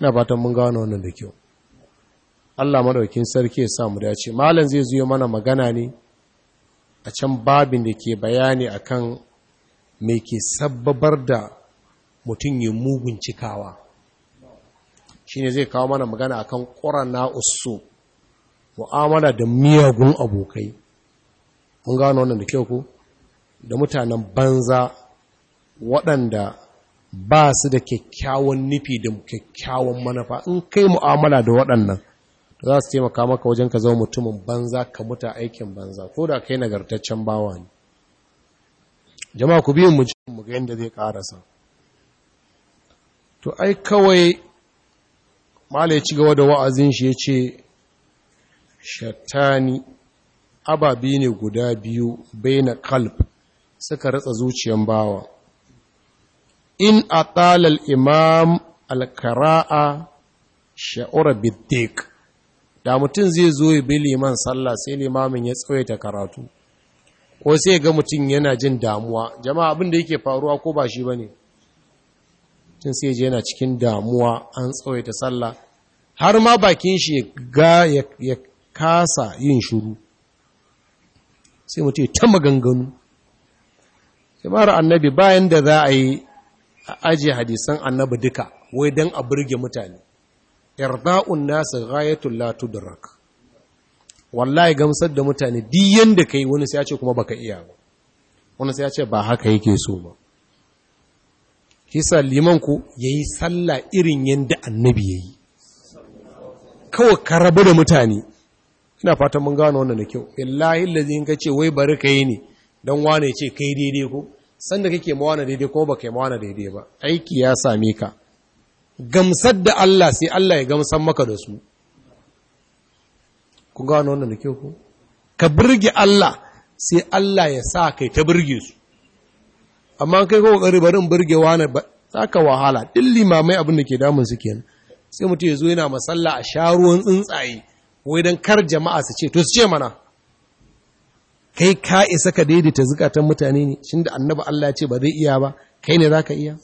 ina fatan mun gano wannan da kyau Allah madaukin sarki ya samu dace malam zai zo mana magana ne a can babin da ke bayani akan me ke sabbabar da mutum ya mugun cikawa shine zai kawo mana magana akan qurana usu mu'amala da miyagun abokai mun gano wannan da kyau ko da mutanen banza waɗanda ba su da kyakkyawan nufi da kyakkyawan manufa in kai mu'amala da waɗannan za su taimaka maka wajen ka zama mutumin banza ka muta aikin banza ko da kai nagartaccen bawa ne jama'a ku biyu mu mu ga yadda zai karasa to ai kawai mala ya ci gaba da wa'azin shi ya ce shatani ababi ne guda biyu bai na kalb suka ratsa zuciyan bawa in a talal imam alkara'a sha'ura biddik da mutum zai zo ya bi liman sallah sai limamin ya tsawaita karatu ko sai ga mutum yana jin damuwa jama'a abin da yake faruwa ko ba shi ba ne tun sai je yana cikin damuwa an tsawaita sallah har ma bakin shi ga ya kasa yin shuru sai mutum ta maganganu sai mara annabi bayan da za a yi a ajiye hadisan annabi duka wai don a burge mutane irba'un nasu ghayatul la tudrak wallahi gamsar da mutane duk yanda kai wani sai ya ce kuma baka iya ba wani sai ya ce ba haka yake so ba kisa liman ku yayi sallah irin yanda annabi yayi kawai ka da mutane ina fatan mun gano wannan da kyau illahi allazi in kace wai bari kai ne dan wane ce kai daidai ko sanda kake mawana daidai ko baka mawana daidai ba aiki ya same ka gamsar da Allah sai Allah ya gamsar maka da su ku gano wannan da kyau ku ka birge Allah sai Allah ya sa kai ta birge su amma kai ko kokari barin birge wani ba ka wahala din limamai abin da ke damun su kenan sai mutum ya zo yana masalla a sha ruwan tsuntsaye wai dan kar jama'a su ce to su ce mana kai ka isa ka daidaita zukatan mutane ne shin da annabi Allah ya ce ba zai iya ba kai ne zaka iya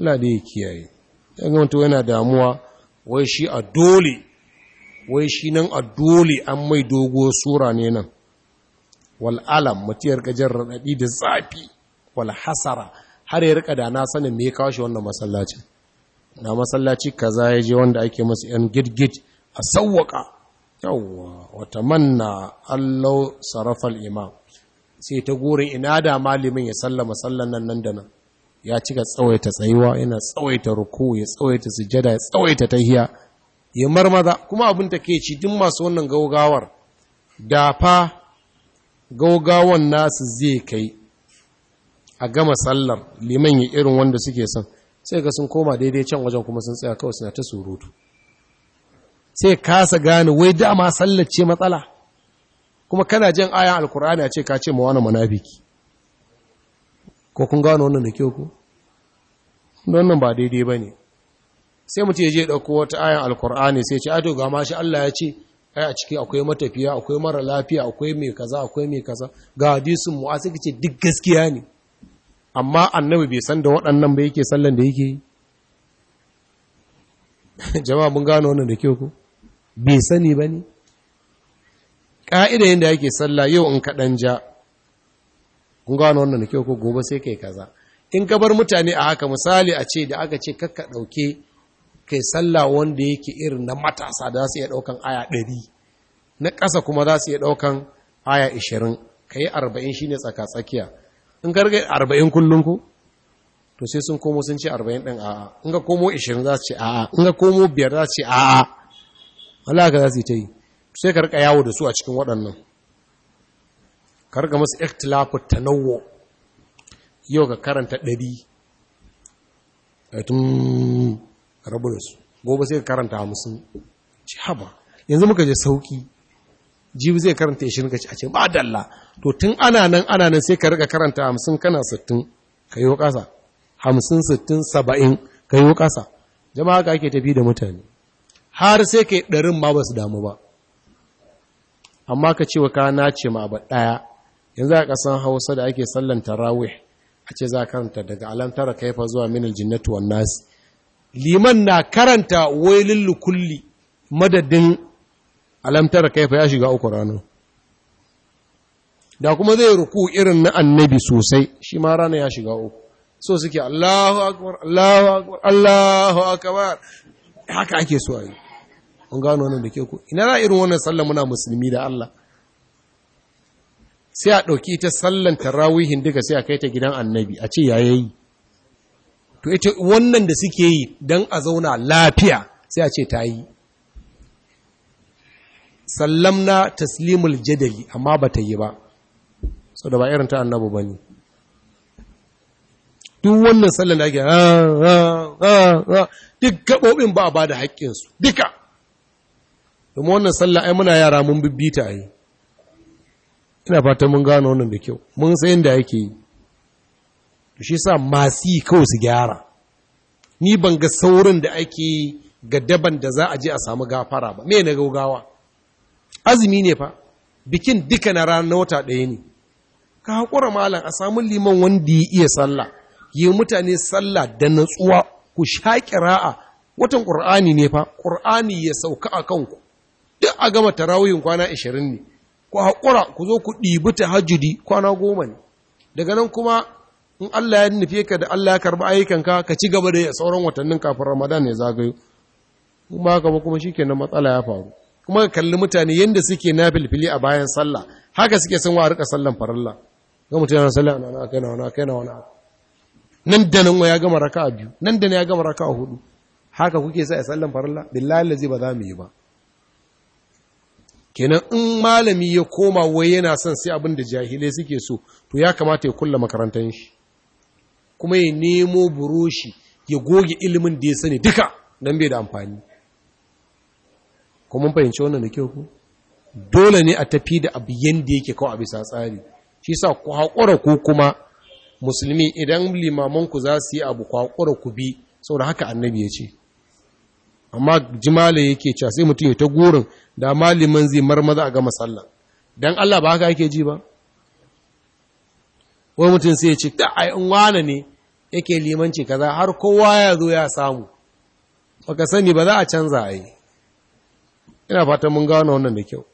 Allah da ya kiyaye dan wanda yana damuwa wai shi a dole wai shi nan a dole an mai dogo sura ne nan Wal'alam, matiyar mutiyar gajar da zafi wal hasara har ya rika da na sanin me kawo shi wannan masallacin na masallaci kaza ya je wanda ake masa yan gidgid a sauwaka yawwa wata manna allau sarrafa imam sai ta gorin ina da malimin ya sallama sallan nan nan da nan ya cika tsawaita tsayuwa yana tsawaita ruku ya tsawaita sujada ya tsawaita tahiya ya marmaza kuma abin ta ke ci duk masu wannan gaugawar da fa gaugawan nasu zai kai a gama sallar liman ya irin wanda suke son sai ga sun koma daidai can wajen kuma sun tsaya kawai suna ta surutu sai kasa gane wai dama sallar ce matsala kuma kana jin ayan alkur'ani a ce ka ce ma wani munafiki ko kun gano wannan da kyau ko wannan ba daidai ba ne sai mutum ya je ɗauko wata ayan alkur'ani sai ce ato ga mashi Allah ya ce ai a ciki akwai matafiya akwai mara lafiya akwai mai kaza akwai mai kaza ga hadisin mu suka ce duk gaskiya ne amma annabi bai san da waɗannan ba yake sallan da yake yi jama'a mun gano wannan da kyau ku? bai sani ba ne ƙa'ida yadda yake sallah yau in kaɗan ja kun gano wannan da kyau ko gobe sai kai kaza in ka bar mutane a haka misali a ce da aka ce kakka ɗauke kai sallah wanda yake irin na matasa da su iya ɗaukan aya ɗari na ƙasa kuma za su iya ɗaukan aya ishirin ka yi arba'in shi ne tsaka-tsakiya. in ka rage arba'in kullum ku to sai sun komo sun ce arba'in ɗin a'a in ka komo ishirin za su ce a'a in ka komo biyar za su ce a'a Wala ka za su yi ta yi sai ka rika yawo da su a cikin waɗannan karga masu ikhtilafu tanawo yau ka karanta ɗari tun rabu da su gobe sai ka karanta hamsin ci haba yanzu muka je sauki jibi zai karanta ishirin ka ci a ce ba dalla to tun ana nan ana nan sai ka riga karanta hamsin kana sittin ka yi ƙasa hamsin sittin saba'in ka yi ƙasa jama'a ka ake tafi da mutane har sai ka yi ɗarin ma ba su damu ba amma ka ce wa ka ce ma ba ɗaya yanzu a ƙasar hausa da ake sallan tarawih a ce za karanta daga alamtara kaifa zuwa minal jinnatu wa nas liman na karanta wailin lukulli madadin alamtara kaifa ya shiga uku rano da kuma zai ruku irin na annabi sosai shi ma rana ya shiga uku so suke Allahu akbar Allahu akbar Allahu akbar haka ake so a yi an gano wannan da ke ku ina ra irin wannan sallah muna musulmi da Allah sai a ɗauki ta sallan tarawihin duka sai a kai ta gidan annabi a ce ya yayayi to ita wannan da suke yi don a zauna lafiya sai a ce ta yi Sallam na taslimul jadali amma ba ta yi ba sau da ba irin ta annabu ba ne duk wannan sallan da ake ah, ah, ah, duk gaɓoɓin ba a ba da haƙƙinsu duka domin wannan sallan ai muna yara mun bibbita yi ina fata mun gano wannan da kyau mun tsayin da ake yi shi sa masu yi kawai su gyara ni ban ga saurin da ake yi ga daban da za a je a samu gafara ba me na gaugawa azumi ne fa bikin duka na ranar wata ɗaya ne ka haƙura malam a samun liman wanda ya iya sallah yi mutane sallah da natsuwa ku sha ƙira'a watan ƙur'ani ne fa ƙur'ani ya sauka a kanku duk a gama tarawihin kwana ashirin ne ku haƙura ku zo ku ɗibi hajjudi kwana goma ne daga nan kuma in Allah ya nufe ka da Allah ya karɓi ayyukanka ka ci gaba da sauran watannin kafin Ramadan ya zagayo kuma ka ba kuma shi shikenan matsala ya faru kuma ka kalli mutane yadda suke na filfili a bayan sallah haka suke sun wa rika sallan farilla ga mutum yana sallah na kai na wani kai na wani nan da nan ya gama raka'a biyu nan da ya gama raka'a hudu haka kuke sa ya sallan farilla billahi lazi ba za mu yi ba kenan in malami ya koma wai yana son sai abin da jahilai suke so to ya kamata ya kulla makarantar shi kuma ya nemo buroshi ya goge ilimin da ya sani duka don bai da amfani kuma fahimci wannan da kyau ku dole ne a tafi da abu yadda yake kawo a bisa tsari shi sa ku haƙura ko kuma musulmi idan limamanku za su yi abu ku ku bi saboda haka annabi ya ce amma jimala yake cewa sai mutum ya ta gurin da malimin zai marmaza a gama sallah dan Allah ba haka yake ji ba wai mutum sai ya ce ta ai in wane ne yake limanci kaza har kowa ya zo ya samu baka sani ba za a canza ai ina fatan mun gano wannan da kyau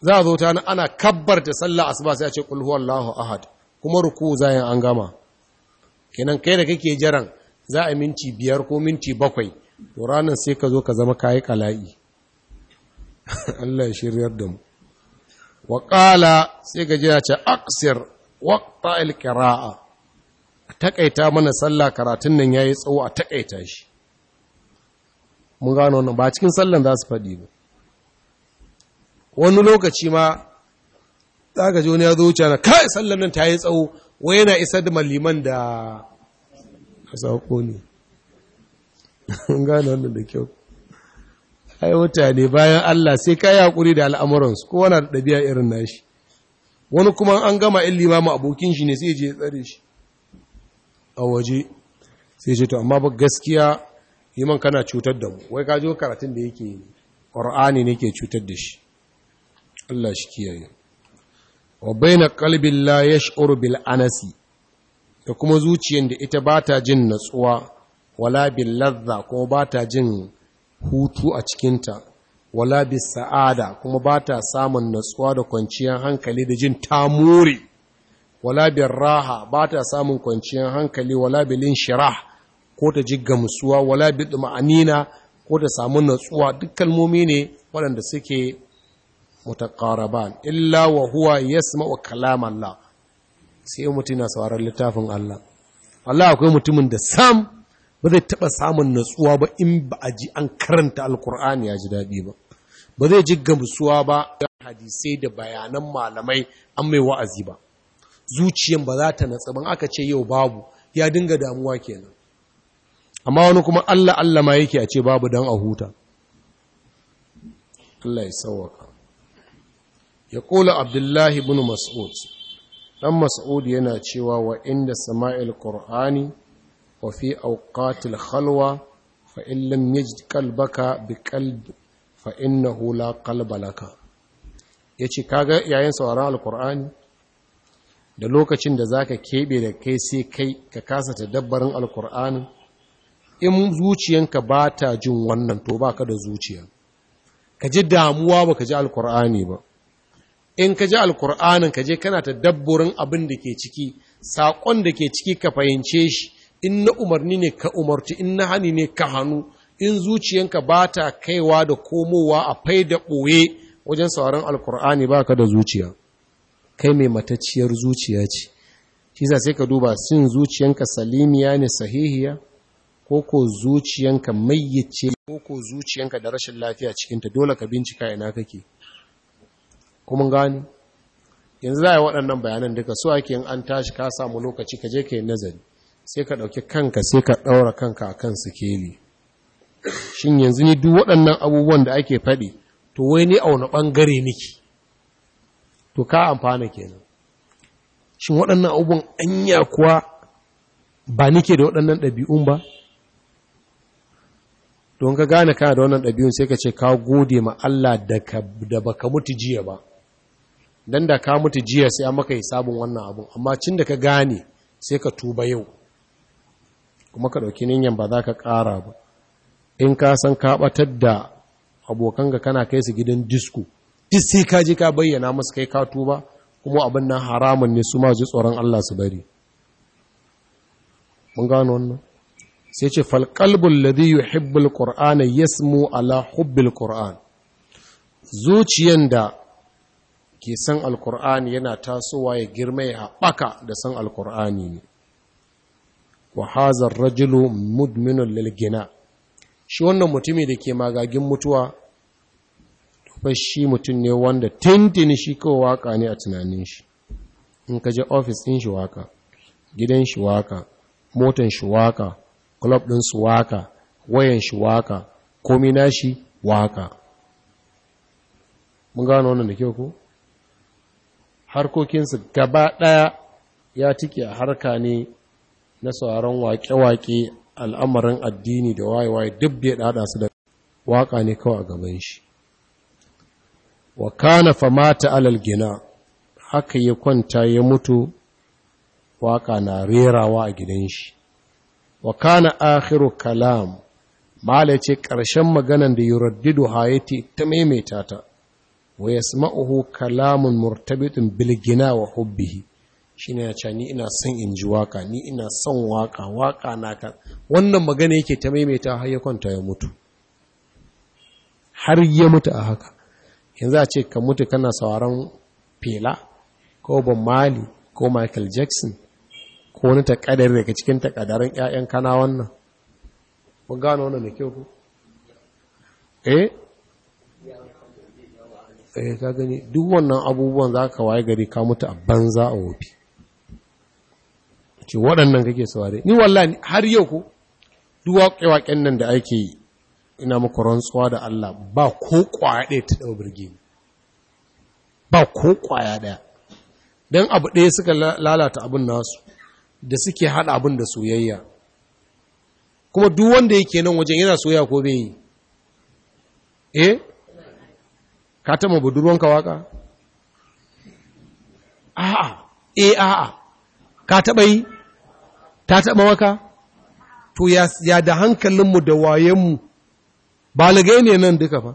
za a zo ta ana kabbarta sallah asuba sai a ce qul huwallahu ahad kuma ruku zayin an gama kenan kai da kake jaran za a minti biyar ko minti bakwai to ranar sai ka zo ka zama kayi kala'i Allah ya shiryar da mu Waƙala sai ga jiya ce aksir waqta ilkira'a A taƙaita mana sallah karatun nan ya yi tsawo a taƙaita shi mun gano wannan ba cikin sallan za su faɗi ba wani lokaci ma za ka ji wani ya zo wuce na kai sallan nan ta yi tsawo wai yana isa da maliman da sako ne an gane wannan da kyau ai mutane bayan Allah sai ka yi haƙuri da al'amuransu ko wana da ɗabi'a irin nashi wani kuma an gama in limamu abokin shi ne sai je tsare shi a waje sai ce to amma ba gaskiya iman kana cutar da mu wai ka jo karatun da yake yi ƙor'ani ne ke cutar da shi Allah shi kiyaye wa baina qalbin la yash'uru bil anasi da kuma zuciyar da ita ba ta jin natsuwa wala bin lazza kuma ba ta jin hutu a cikinta wala bin sa'ada kuma ba ta samun natsuwa da kwanciyar hankali da jin tamuri wala bin raha ba ta samun kwanciyar hankali wala bilin shirah ko ta ji gamsuwa wala bin ma'anina ko ta samu natsuwa duk kalmomi ne waɗanda suke mutaqaraban illa wa huwa yasma'u kalam Allah sai mutum na sauraron littafin Allah Allah akwai mutumin da sam ba zai taɓa samun natsuwa ba in ba a ji an karanta alkur'ani ya ji daɗi ba ba zai ji gamsuwa ba ya hadisai da bayanan malamai an mai wa'azi ba zuciyan ba za ta natsa ban aka ce yau babu ya dinga damuwa kenan amma wani kuma Allah Allah ma yake a ce babu don a huta Allah ya sauwaka ya kola abdullahi bin mas'ud dan mas'ud yana cewa wa inda sama'il qur'ani wa fi auqatil khalwa fa in lam yajid qalbaka bi qalb fa innahu la qalba laka yace kaga yayin sauraron alqur'ani da lokacin da zaka kebe da kai sai kai ka kasa tadabbarin alqur'anin in zuciyanka ba ta jin wannan to baka da zuciya ka ji damuwa baka ji alqur'ani ba in ka ji alkur'anin ka je kana ta abin da ke ciki saƙon da ke ciki ka fahimce shi in na umarni ne ka umarci in na hani ne ka hannu in zuciyanka ba ta kaiwa da komowa a fai da ɓoye wajen sauran alkur'ani ba ka da zuciya kai mai matacciyar zuciya ce shi sai ka duba sin zuciyanka salimiya ne sahihiya ko ko zuciyanka mayyace ko ko zuciyanka da rashin lafiya cikinta dole ka bincika ina kake kuma gani yanzu za a yi waɗannan bayanan duka so ake yin an tashi ka samu lokaci ka je ka yi nazari sai ka ɗauki kanka sai ka ɗaura kanka a kan sikeli shin yanzu ne duk waɗannan abubuwan da ake faɗi to wai ni a wani ɓangare niki to ka amfana kenan shi waɗannan abubuwan anya kuwa ba nike da waɗannan ɗabi'un ba don ka gane kana da wannan ɗabi'un sai ka ce ka gode ma Allah da ka mutu jiya ba don da ka mutu jiya sai an maka hisabin wannan abun amma cin da ka gane sai ka tuba yau kuma ka ɗauki niyan ba za ka ƙara ba in ka san ka ɓatar da abokan ga kana kai su gidan disko duk sai ka ji ka bayyana masu kai ka tuba kuma abin nan haramun ne su ma ji tsoron Allah su bari mun gano wannan sai ce falqalbul ladhi yuhibbul qur'ana yasmu ala hubbil qur'an zuciyan da ke san alkur'ani yana tasowa ya girma ya haɓaka da san alkur'ani ne wa hazar rajulu mudminun shi wannan mutumi da ke magagin mutuwa fa shi mutum ne wanda tintini shi kawai waka ne a tunanin shi in ka je ofis ɗin shi waka gidan shi waka motan shi waka club ɗin su waka wayan shi waka komi na shi waka mun gano wannan da ke ku harkokinsu gaba ɗaya ya tike a harka ne na sauran waƙe-waƙe al'amarin addini da wayewaye duk bai ɗaɗa su da waƙa ne kawai a gaban shi wa kana famata alal gina haka ya kwanta ya mutu waƙa na rerawa a gidan shi wa kana akhiru kalam mala ce ƙarshen maganan da yuraddidu hayati ta maimaita ta wa yasma'uhu kalamun murtabitin bilgina wa hubbihi shi ne ya ni ina son in ji waka ni ina son waka waka na ka wannan magana yake ta maimaita har ya kwanta ya mutu har ya mutu a haka yanzu a ce ka mutu kana sauran fela ko bob mali ko michael jackson ko wani takadar daga cikin takadarin 'ya'yan kana wannan mun gano wannan da kyau ku eh eh ka gani duk wannan abubuwan za ka waye gari ka mutu a banza a wofi ce waɗannan kake saurare ni wallahi har yau ko duk waƙe-waƙen nan da ake yi ina muku rantsuwa da Allah ba ko ƙwaya ɗaya ta ɗau birge ni ba ko ƙwaya ɗaya don abu ɗaya suka lalata abin nasu da suke haɗa abin da soyayya kuma duk wanda yake nan wajen yana soya ko bai yi eh ka taɓa budurwanka waka a'a eh a'a ka taɓa yi ta taɓa maka to ya da hankalinmu da wayenmu balagai ne nan duka ba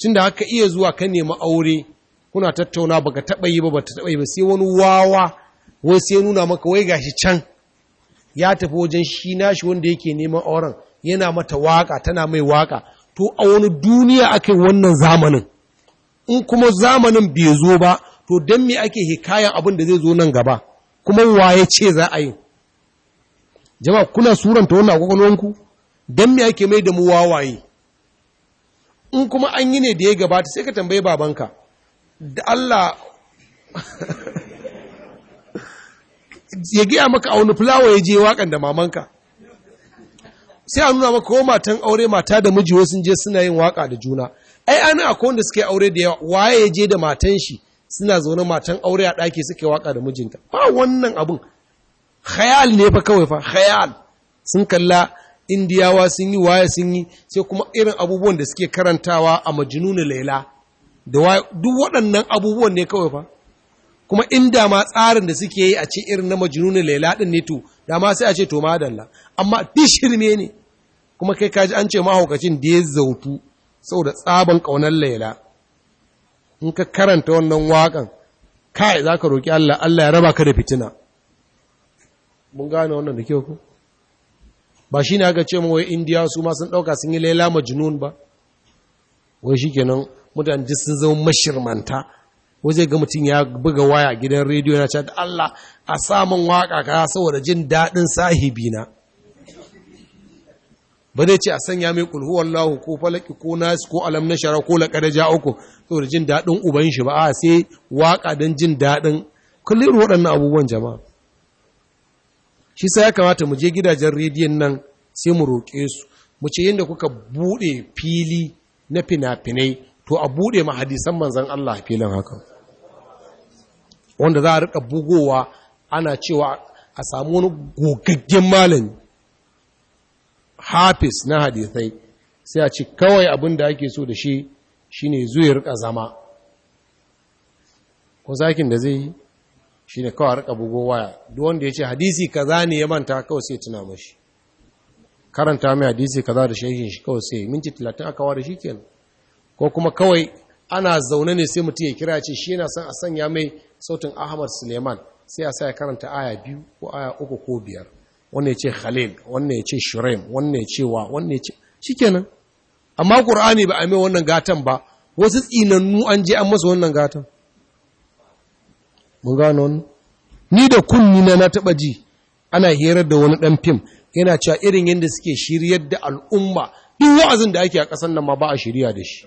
cin da haka iya zuwa ka nemi aure kuna tattauna baka taɓa yi ba ba taɓa yi ba sai wani wawa wai sai nuna maka wai gashi can ya tafi wajen shi nashi wanda yake neman auren yana mata waka tana mai waka to a wani duniya ake wannan zamanin in kuma zamanin bai zo ba to don me ake hikayen abin da zai zo nan gaba kuma waye ce za a yi jama'a kuna suranta wannan kwakwalwanku don me ake mai da mu wawaye in kuma an yi ne da ya gabata sai ka tambaye babanka da Allah ya gaya maka a wani fulawa ya je wakan da mamanka sai a nuna maka ko matan aure mata da miji wasu je suna yin waka da juna ai an akwai wanda suke aure da yawa waye ya je da matan shi suna zaune matan aure a ɗaki suke waka da mijinta ba wannan abun khayal ne fa kawai fa khayal sun kalla indiyawa sun yi waya sun yi sai kuma irin abubuwan da suke karantawa a majnuna laila da duk waɗannan abubuwan ne kawai fa kuma inda ma tsarin da suke yi a ce irin na majnuna laila din ne to da ma sai a ce to madalla amma duk ne kuma kai ka kaji an ce mahaukacin da ya zautu saboda tsaban ƙaunar laila in ka karanta wannan wakan kai za ka roƙi Allah Allah ya raba ka da fitina mun gane wannan da kyau ku ba shi ne aka ce mawa wai indiya su ma sun ɗauka sun yi laila majinun ba wai shi kenan mutane duk sun zama mashirmanta wai zai ga mutum ya buga waya gidan rediyo na cewa Allah a samun waka ka saboda jin daɗin sahibi na? ba zai ce a sanya mai kulhu wallahu ko falaki ko nas ko alam na shara ko lakaraja uku, saboda jin daɗin uban shi ba a sai waka don jin daɗin kullum waɗannan abubuwan jama'a shi sai ya kamata mu je gidajen rediyon nan sai mu roƙe su mu ce yadda kuka buɗe fili na fina-finai to a buɗe ma hadisan manzan Allah filin haka wanda za a riƙa bugowa ana cewa a samu wani gogaggen malami hafis na hadisai sai a ce kawai abin da ake so da shi shine zuwa riƙa zama ko zakin da zai yi shi ne kawai harka bugo waya duk wanda ya ce hadisi za ne ya manta kawai sai tuna mashi karanta mai hadisi za da shaikin shi kawai sai minti talatin aka ware shi kenan ko kuma kawai ana zaune ne sai mutum ya kira ce shi yana son a sanya mai sautin ahmad suleiman sai a sa ya karanta aya biyu ko aya uku ko biyar wannan ya ce khalil wannan ya ce shurem wannan ya ce wa wannan ya ce kenan amma qur'ani ba a mai wannan gatan ba wasu tsinannu an je an masa wannan gatan mun gano wani ni da kunni na na taɓa ji ana hirar da wani ɗan fim yana cewa irin yadda suke shiryar da al'umma duk wa'azin da ake a ƙasar nan ma ba a shirya da shi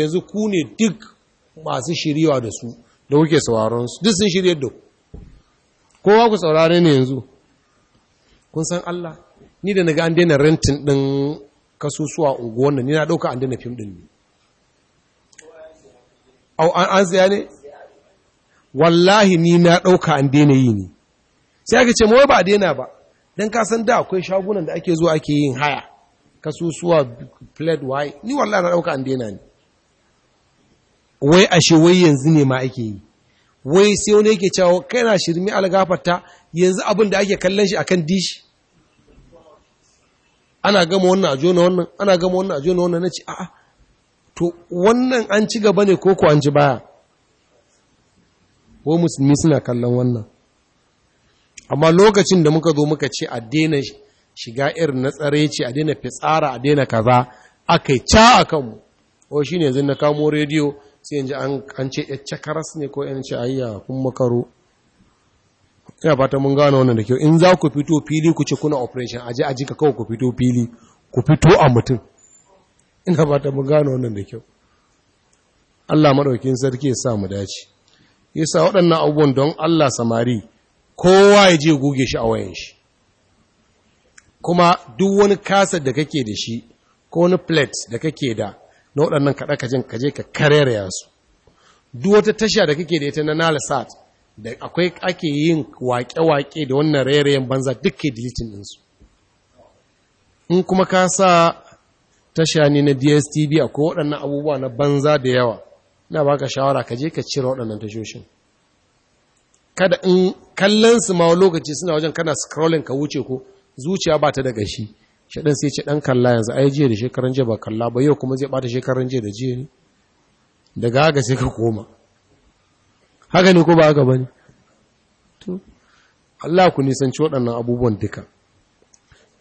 yanzu ku ne duk masu shiryawa da su da kuke su? duk sun shiryar da ku kowa ku saurare ne yanzu kun san Allah ni da naga an daina rentin ɗin kasusuwa unguwan nan ni na ɗauka an daina fim ɗin ne au an saya ne wallahi ni na ɗauka an daina yi ne sai aka ce mawa ba a daina ba don kasan da akwai shagunan da ake zuwa ake yin haya kasusuwa fled Y ni wallahi na ɗauka an daina ne wai ashe wai yanzu ne ma ake yi wai sai wani yake cewa kai na shirmi algafarta yanzu abin da ake kallon shi akan dishi ana gama wannan a jona wannan ana gama wannan a jona wannan na ce a'a to wannan an ci gaba ne ko ku an ji baya Ko musulmi suna kallon wannan amma lokacin da muka zo muka ce a daina shiga irin na tsare ce a daina fitsara a daina kaza aka yi ca a kanmu ko shi ne zina na kamo rediyo sai yanzu an ce ya cakaras ne ko yan ce ayya kun makaro ina fata mun gano wannan da kyau in za ku fito fili ku ce kuna operation aje aji ka kawai ku fito fili ku fito a mutum ina fata mun gano wannan da kyau Allah maɗaukin sarki ya sa mu dace yasa waɗannan abubuwan don Allah samari kowa ya je guge shi a wayan shi kuma duk wani kasar da kake da shi ko wani plate da kake da na waɗannan kaɗakajin kajen kaje ka karere su duk wata tasha da kake da ita na nalasat da akwai ake yin waƙe-waƙe da wannan rairayen banza duka dilitin ɗinsu in kuma ka sa tasha ne na dstv akwai waɗannan abubuwa na banza da yawa na baka shawara ka je ka cire waɗannan tashoshin kada in kallon su ma lokaci suna wajen kana scrolling ka wuce ko zuciya ba ta da gashi shaɗan sai ce ɗan kalla yanzu ai jiya da shekaran jiya ba kalla ba yau kuma zai ɓata shekaran jiya da jiya ne daga haka sai ka koma haka ne ko ba haka ba ne Allah ku nisanci waɗannan abubuwan duka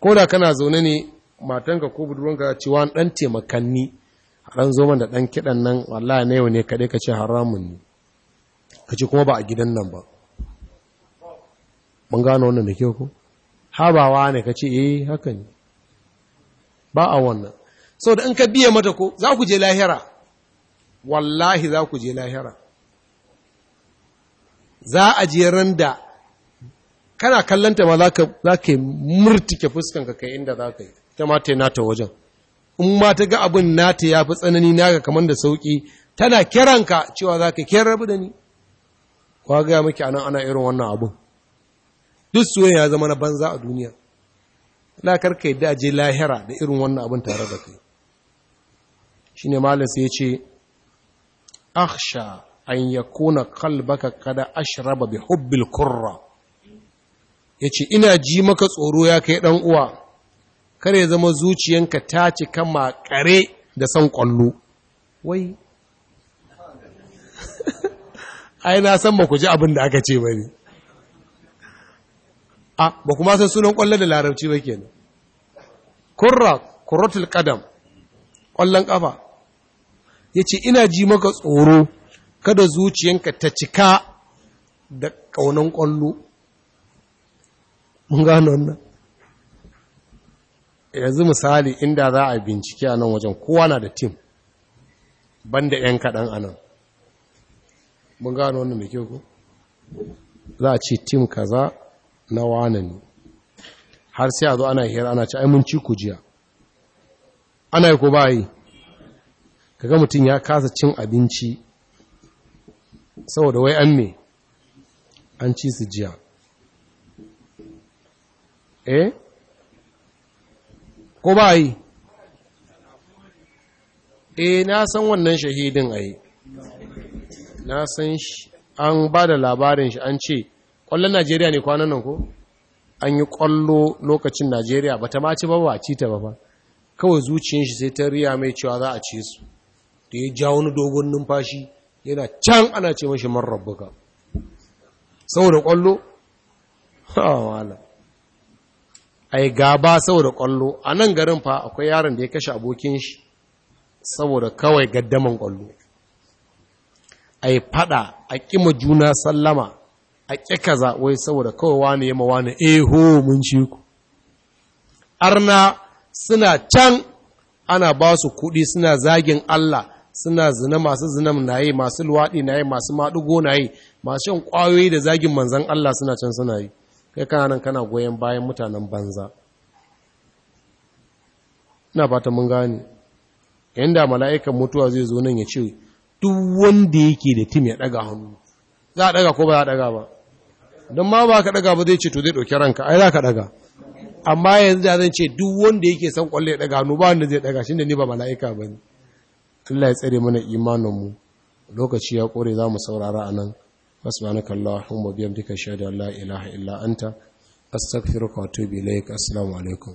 ko da kana zaune ne matanka ko budurwanka cewa ɗan taimakanni ran zo da ɗan kiɗan nan wallahi na yau ne kaɗai ka ce haramun ne ka ce kuma ba a gidan nan ba Mun gano wannan da ke ku habawa ne ka ce eh haka ne ba a wannan sau da in ka biya mata ko za ku je lahira wallahi za ku je lahira za a je ran da kana kallanta ma za ka yi murtike fuskanka kai inda za ka yi ta ma ta yi nata wajen in ma ta ga abin nata ya fi tsanani naga kamar da sauƙi tana kiranka cewa za ka kiyar rabu da ni kwa gaya maki anan ana irin wannan abin duk soyayya ya zama na banza a duniya lakar ka yadda je lahira da irin wannan abin tare da kai shi ne malin sai ce aksha an ya kona kalbaka kada ashraba bi hubbil kurra ya ce ina ji maka tsoro ya kai ɗan uwa kare ya zama zuciyanka ta cika makare da son kwallo wai ai na san ba ku ji abin da aka ce ba ne a ah, ba kuma san sunan kwallo da larabci ba kenan kurra kurratul qadam ƙwallon ƙafa ya ce ina ji maka tsoro kada zuciyanka ta cika da kaunan kwallo mun gano wannan yanzu misali inda za a bincike a nan wajen kowa na da tim banda 'yan kaɗan a nan mun gano wannan mai kyau za a ce tim kaza na wane ne har sai a zo ana hira ana ci aimun ciku kujiya ana yi ko ba yi kaga mutum ya kasa cin abinci saboda wai an me an ci su jiya eh ko ba yi eh na san wannan shahidin a yi, na san an ba da labarin shi an ce ƙwallon najeriya ne kwanan nan ko an yi ƙwallo lokacin najeriya ba ta maci ba ba a cita ba ba kawai zuciyar shi sai ta riya mai cewa za a ce su da ya ja wani dogon numfashi yana can ana ce mashi man buga saboda kwallo ha wala ai gaba saboda kwallo a nan garin fa akwai yaron da ya kashe abokin shi saboda kawai gaddaman kwallo ai fada a ƙima juna sallama a ƙi wai saboda kawai wani yamma wani eho mun ci ku arna suna can ana ba su kuɗi suna zagin Allah suna zina masu zinam na yi masu luwaɗi na yi masu maɗugo na yi masu yin ƙwayoyi da zagin manzan Allah suna can suna yi kai kana nan kana goyon bayan mutanen banza ina fata mun gane inda mala'ikan mutuwa zai zo nan ya ce duk wanda yake da tim ya daga hannu za a daga ko ba a daga ba don ma ba ka daga ba zai ce to zai ɗauki ranka ai za ka daga amma yanzu da zan ce duk wanda yake son kwallo ya daga hannu ba wanda zai daga shi da ni ba mala'ika ba ne Allah ya tsare mana imanin mu lokaci ya kore za mu saurara a nan subhanaka allahumma biyamdika ashhadu an la ilaha illa anta astaghfiruka wa assalamu alaikum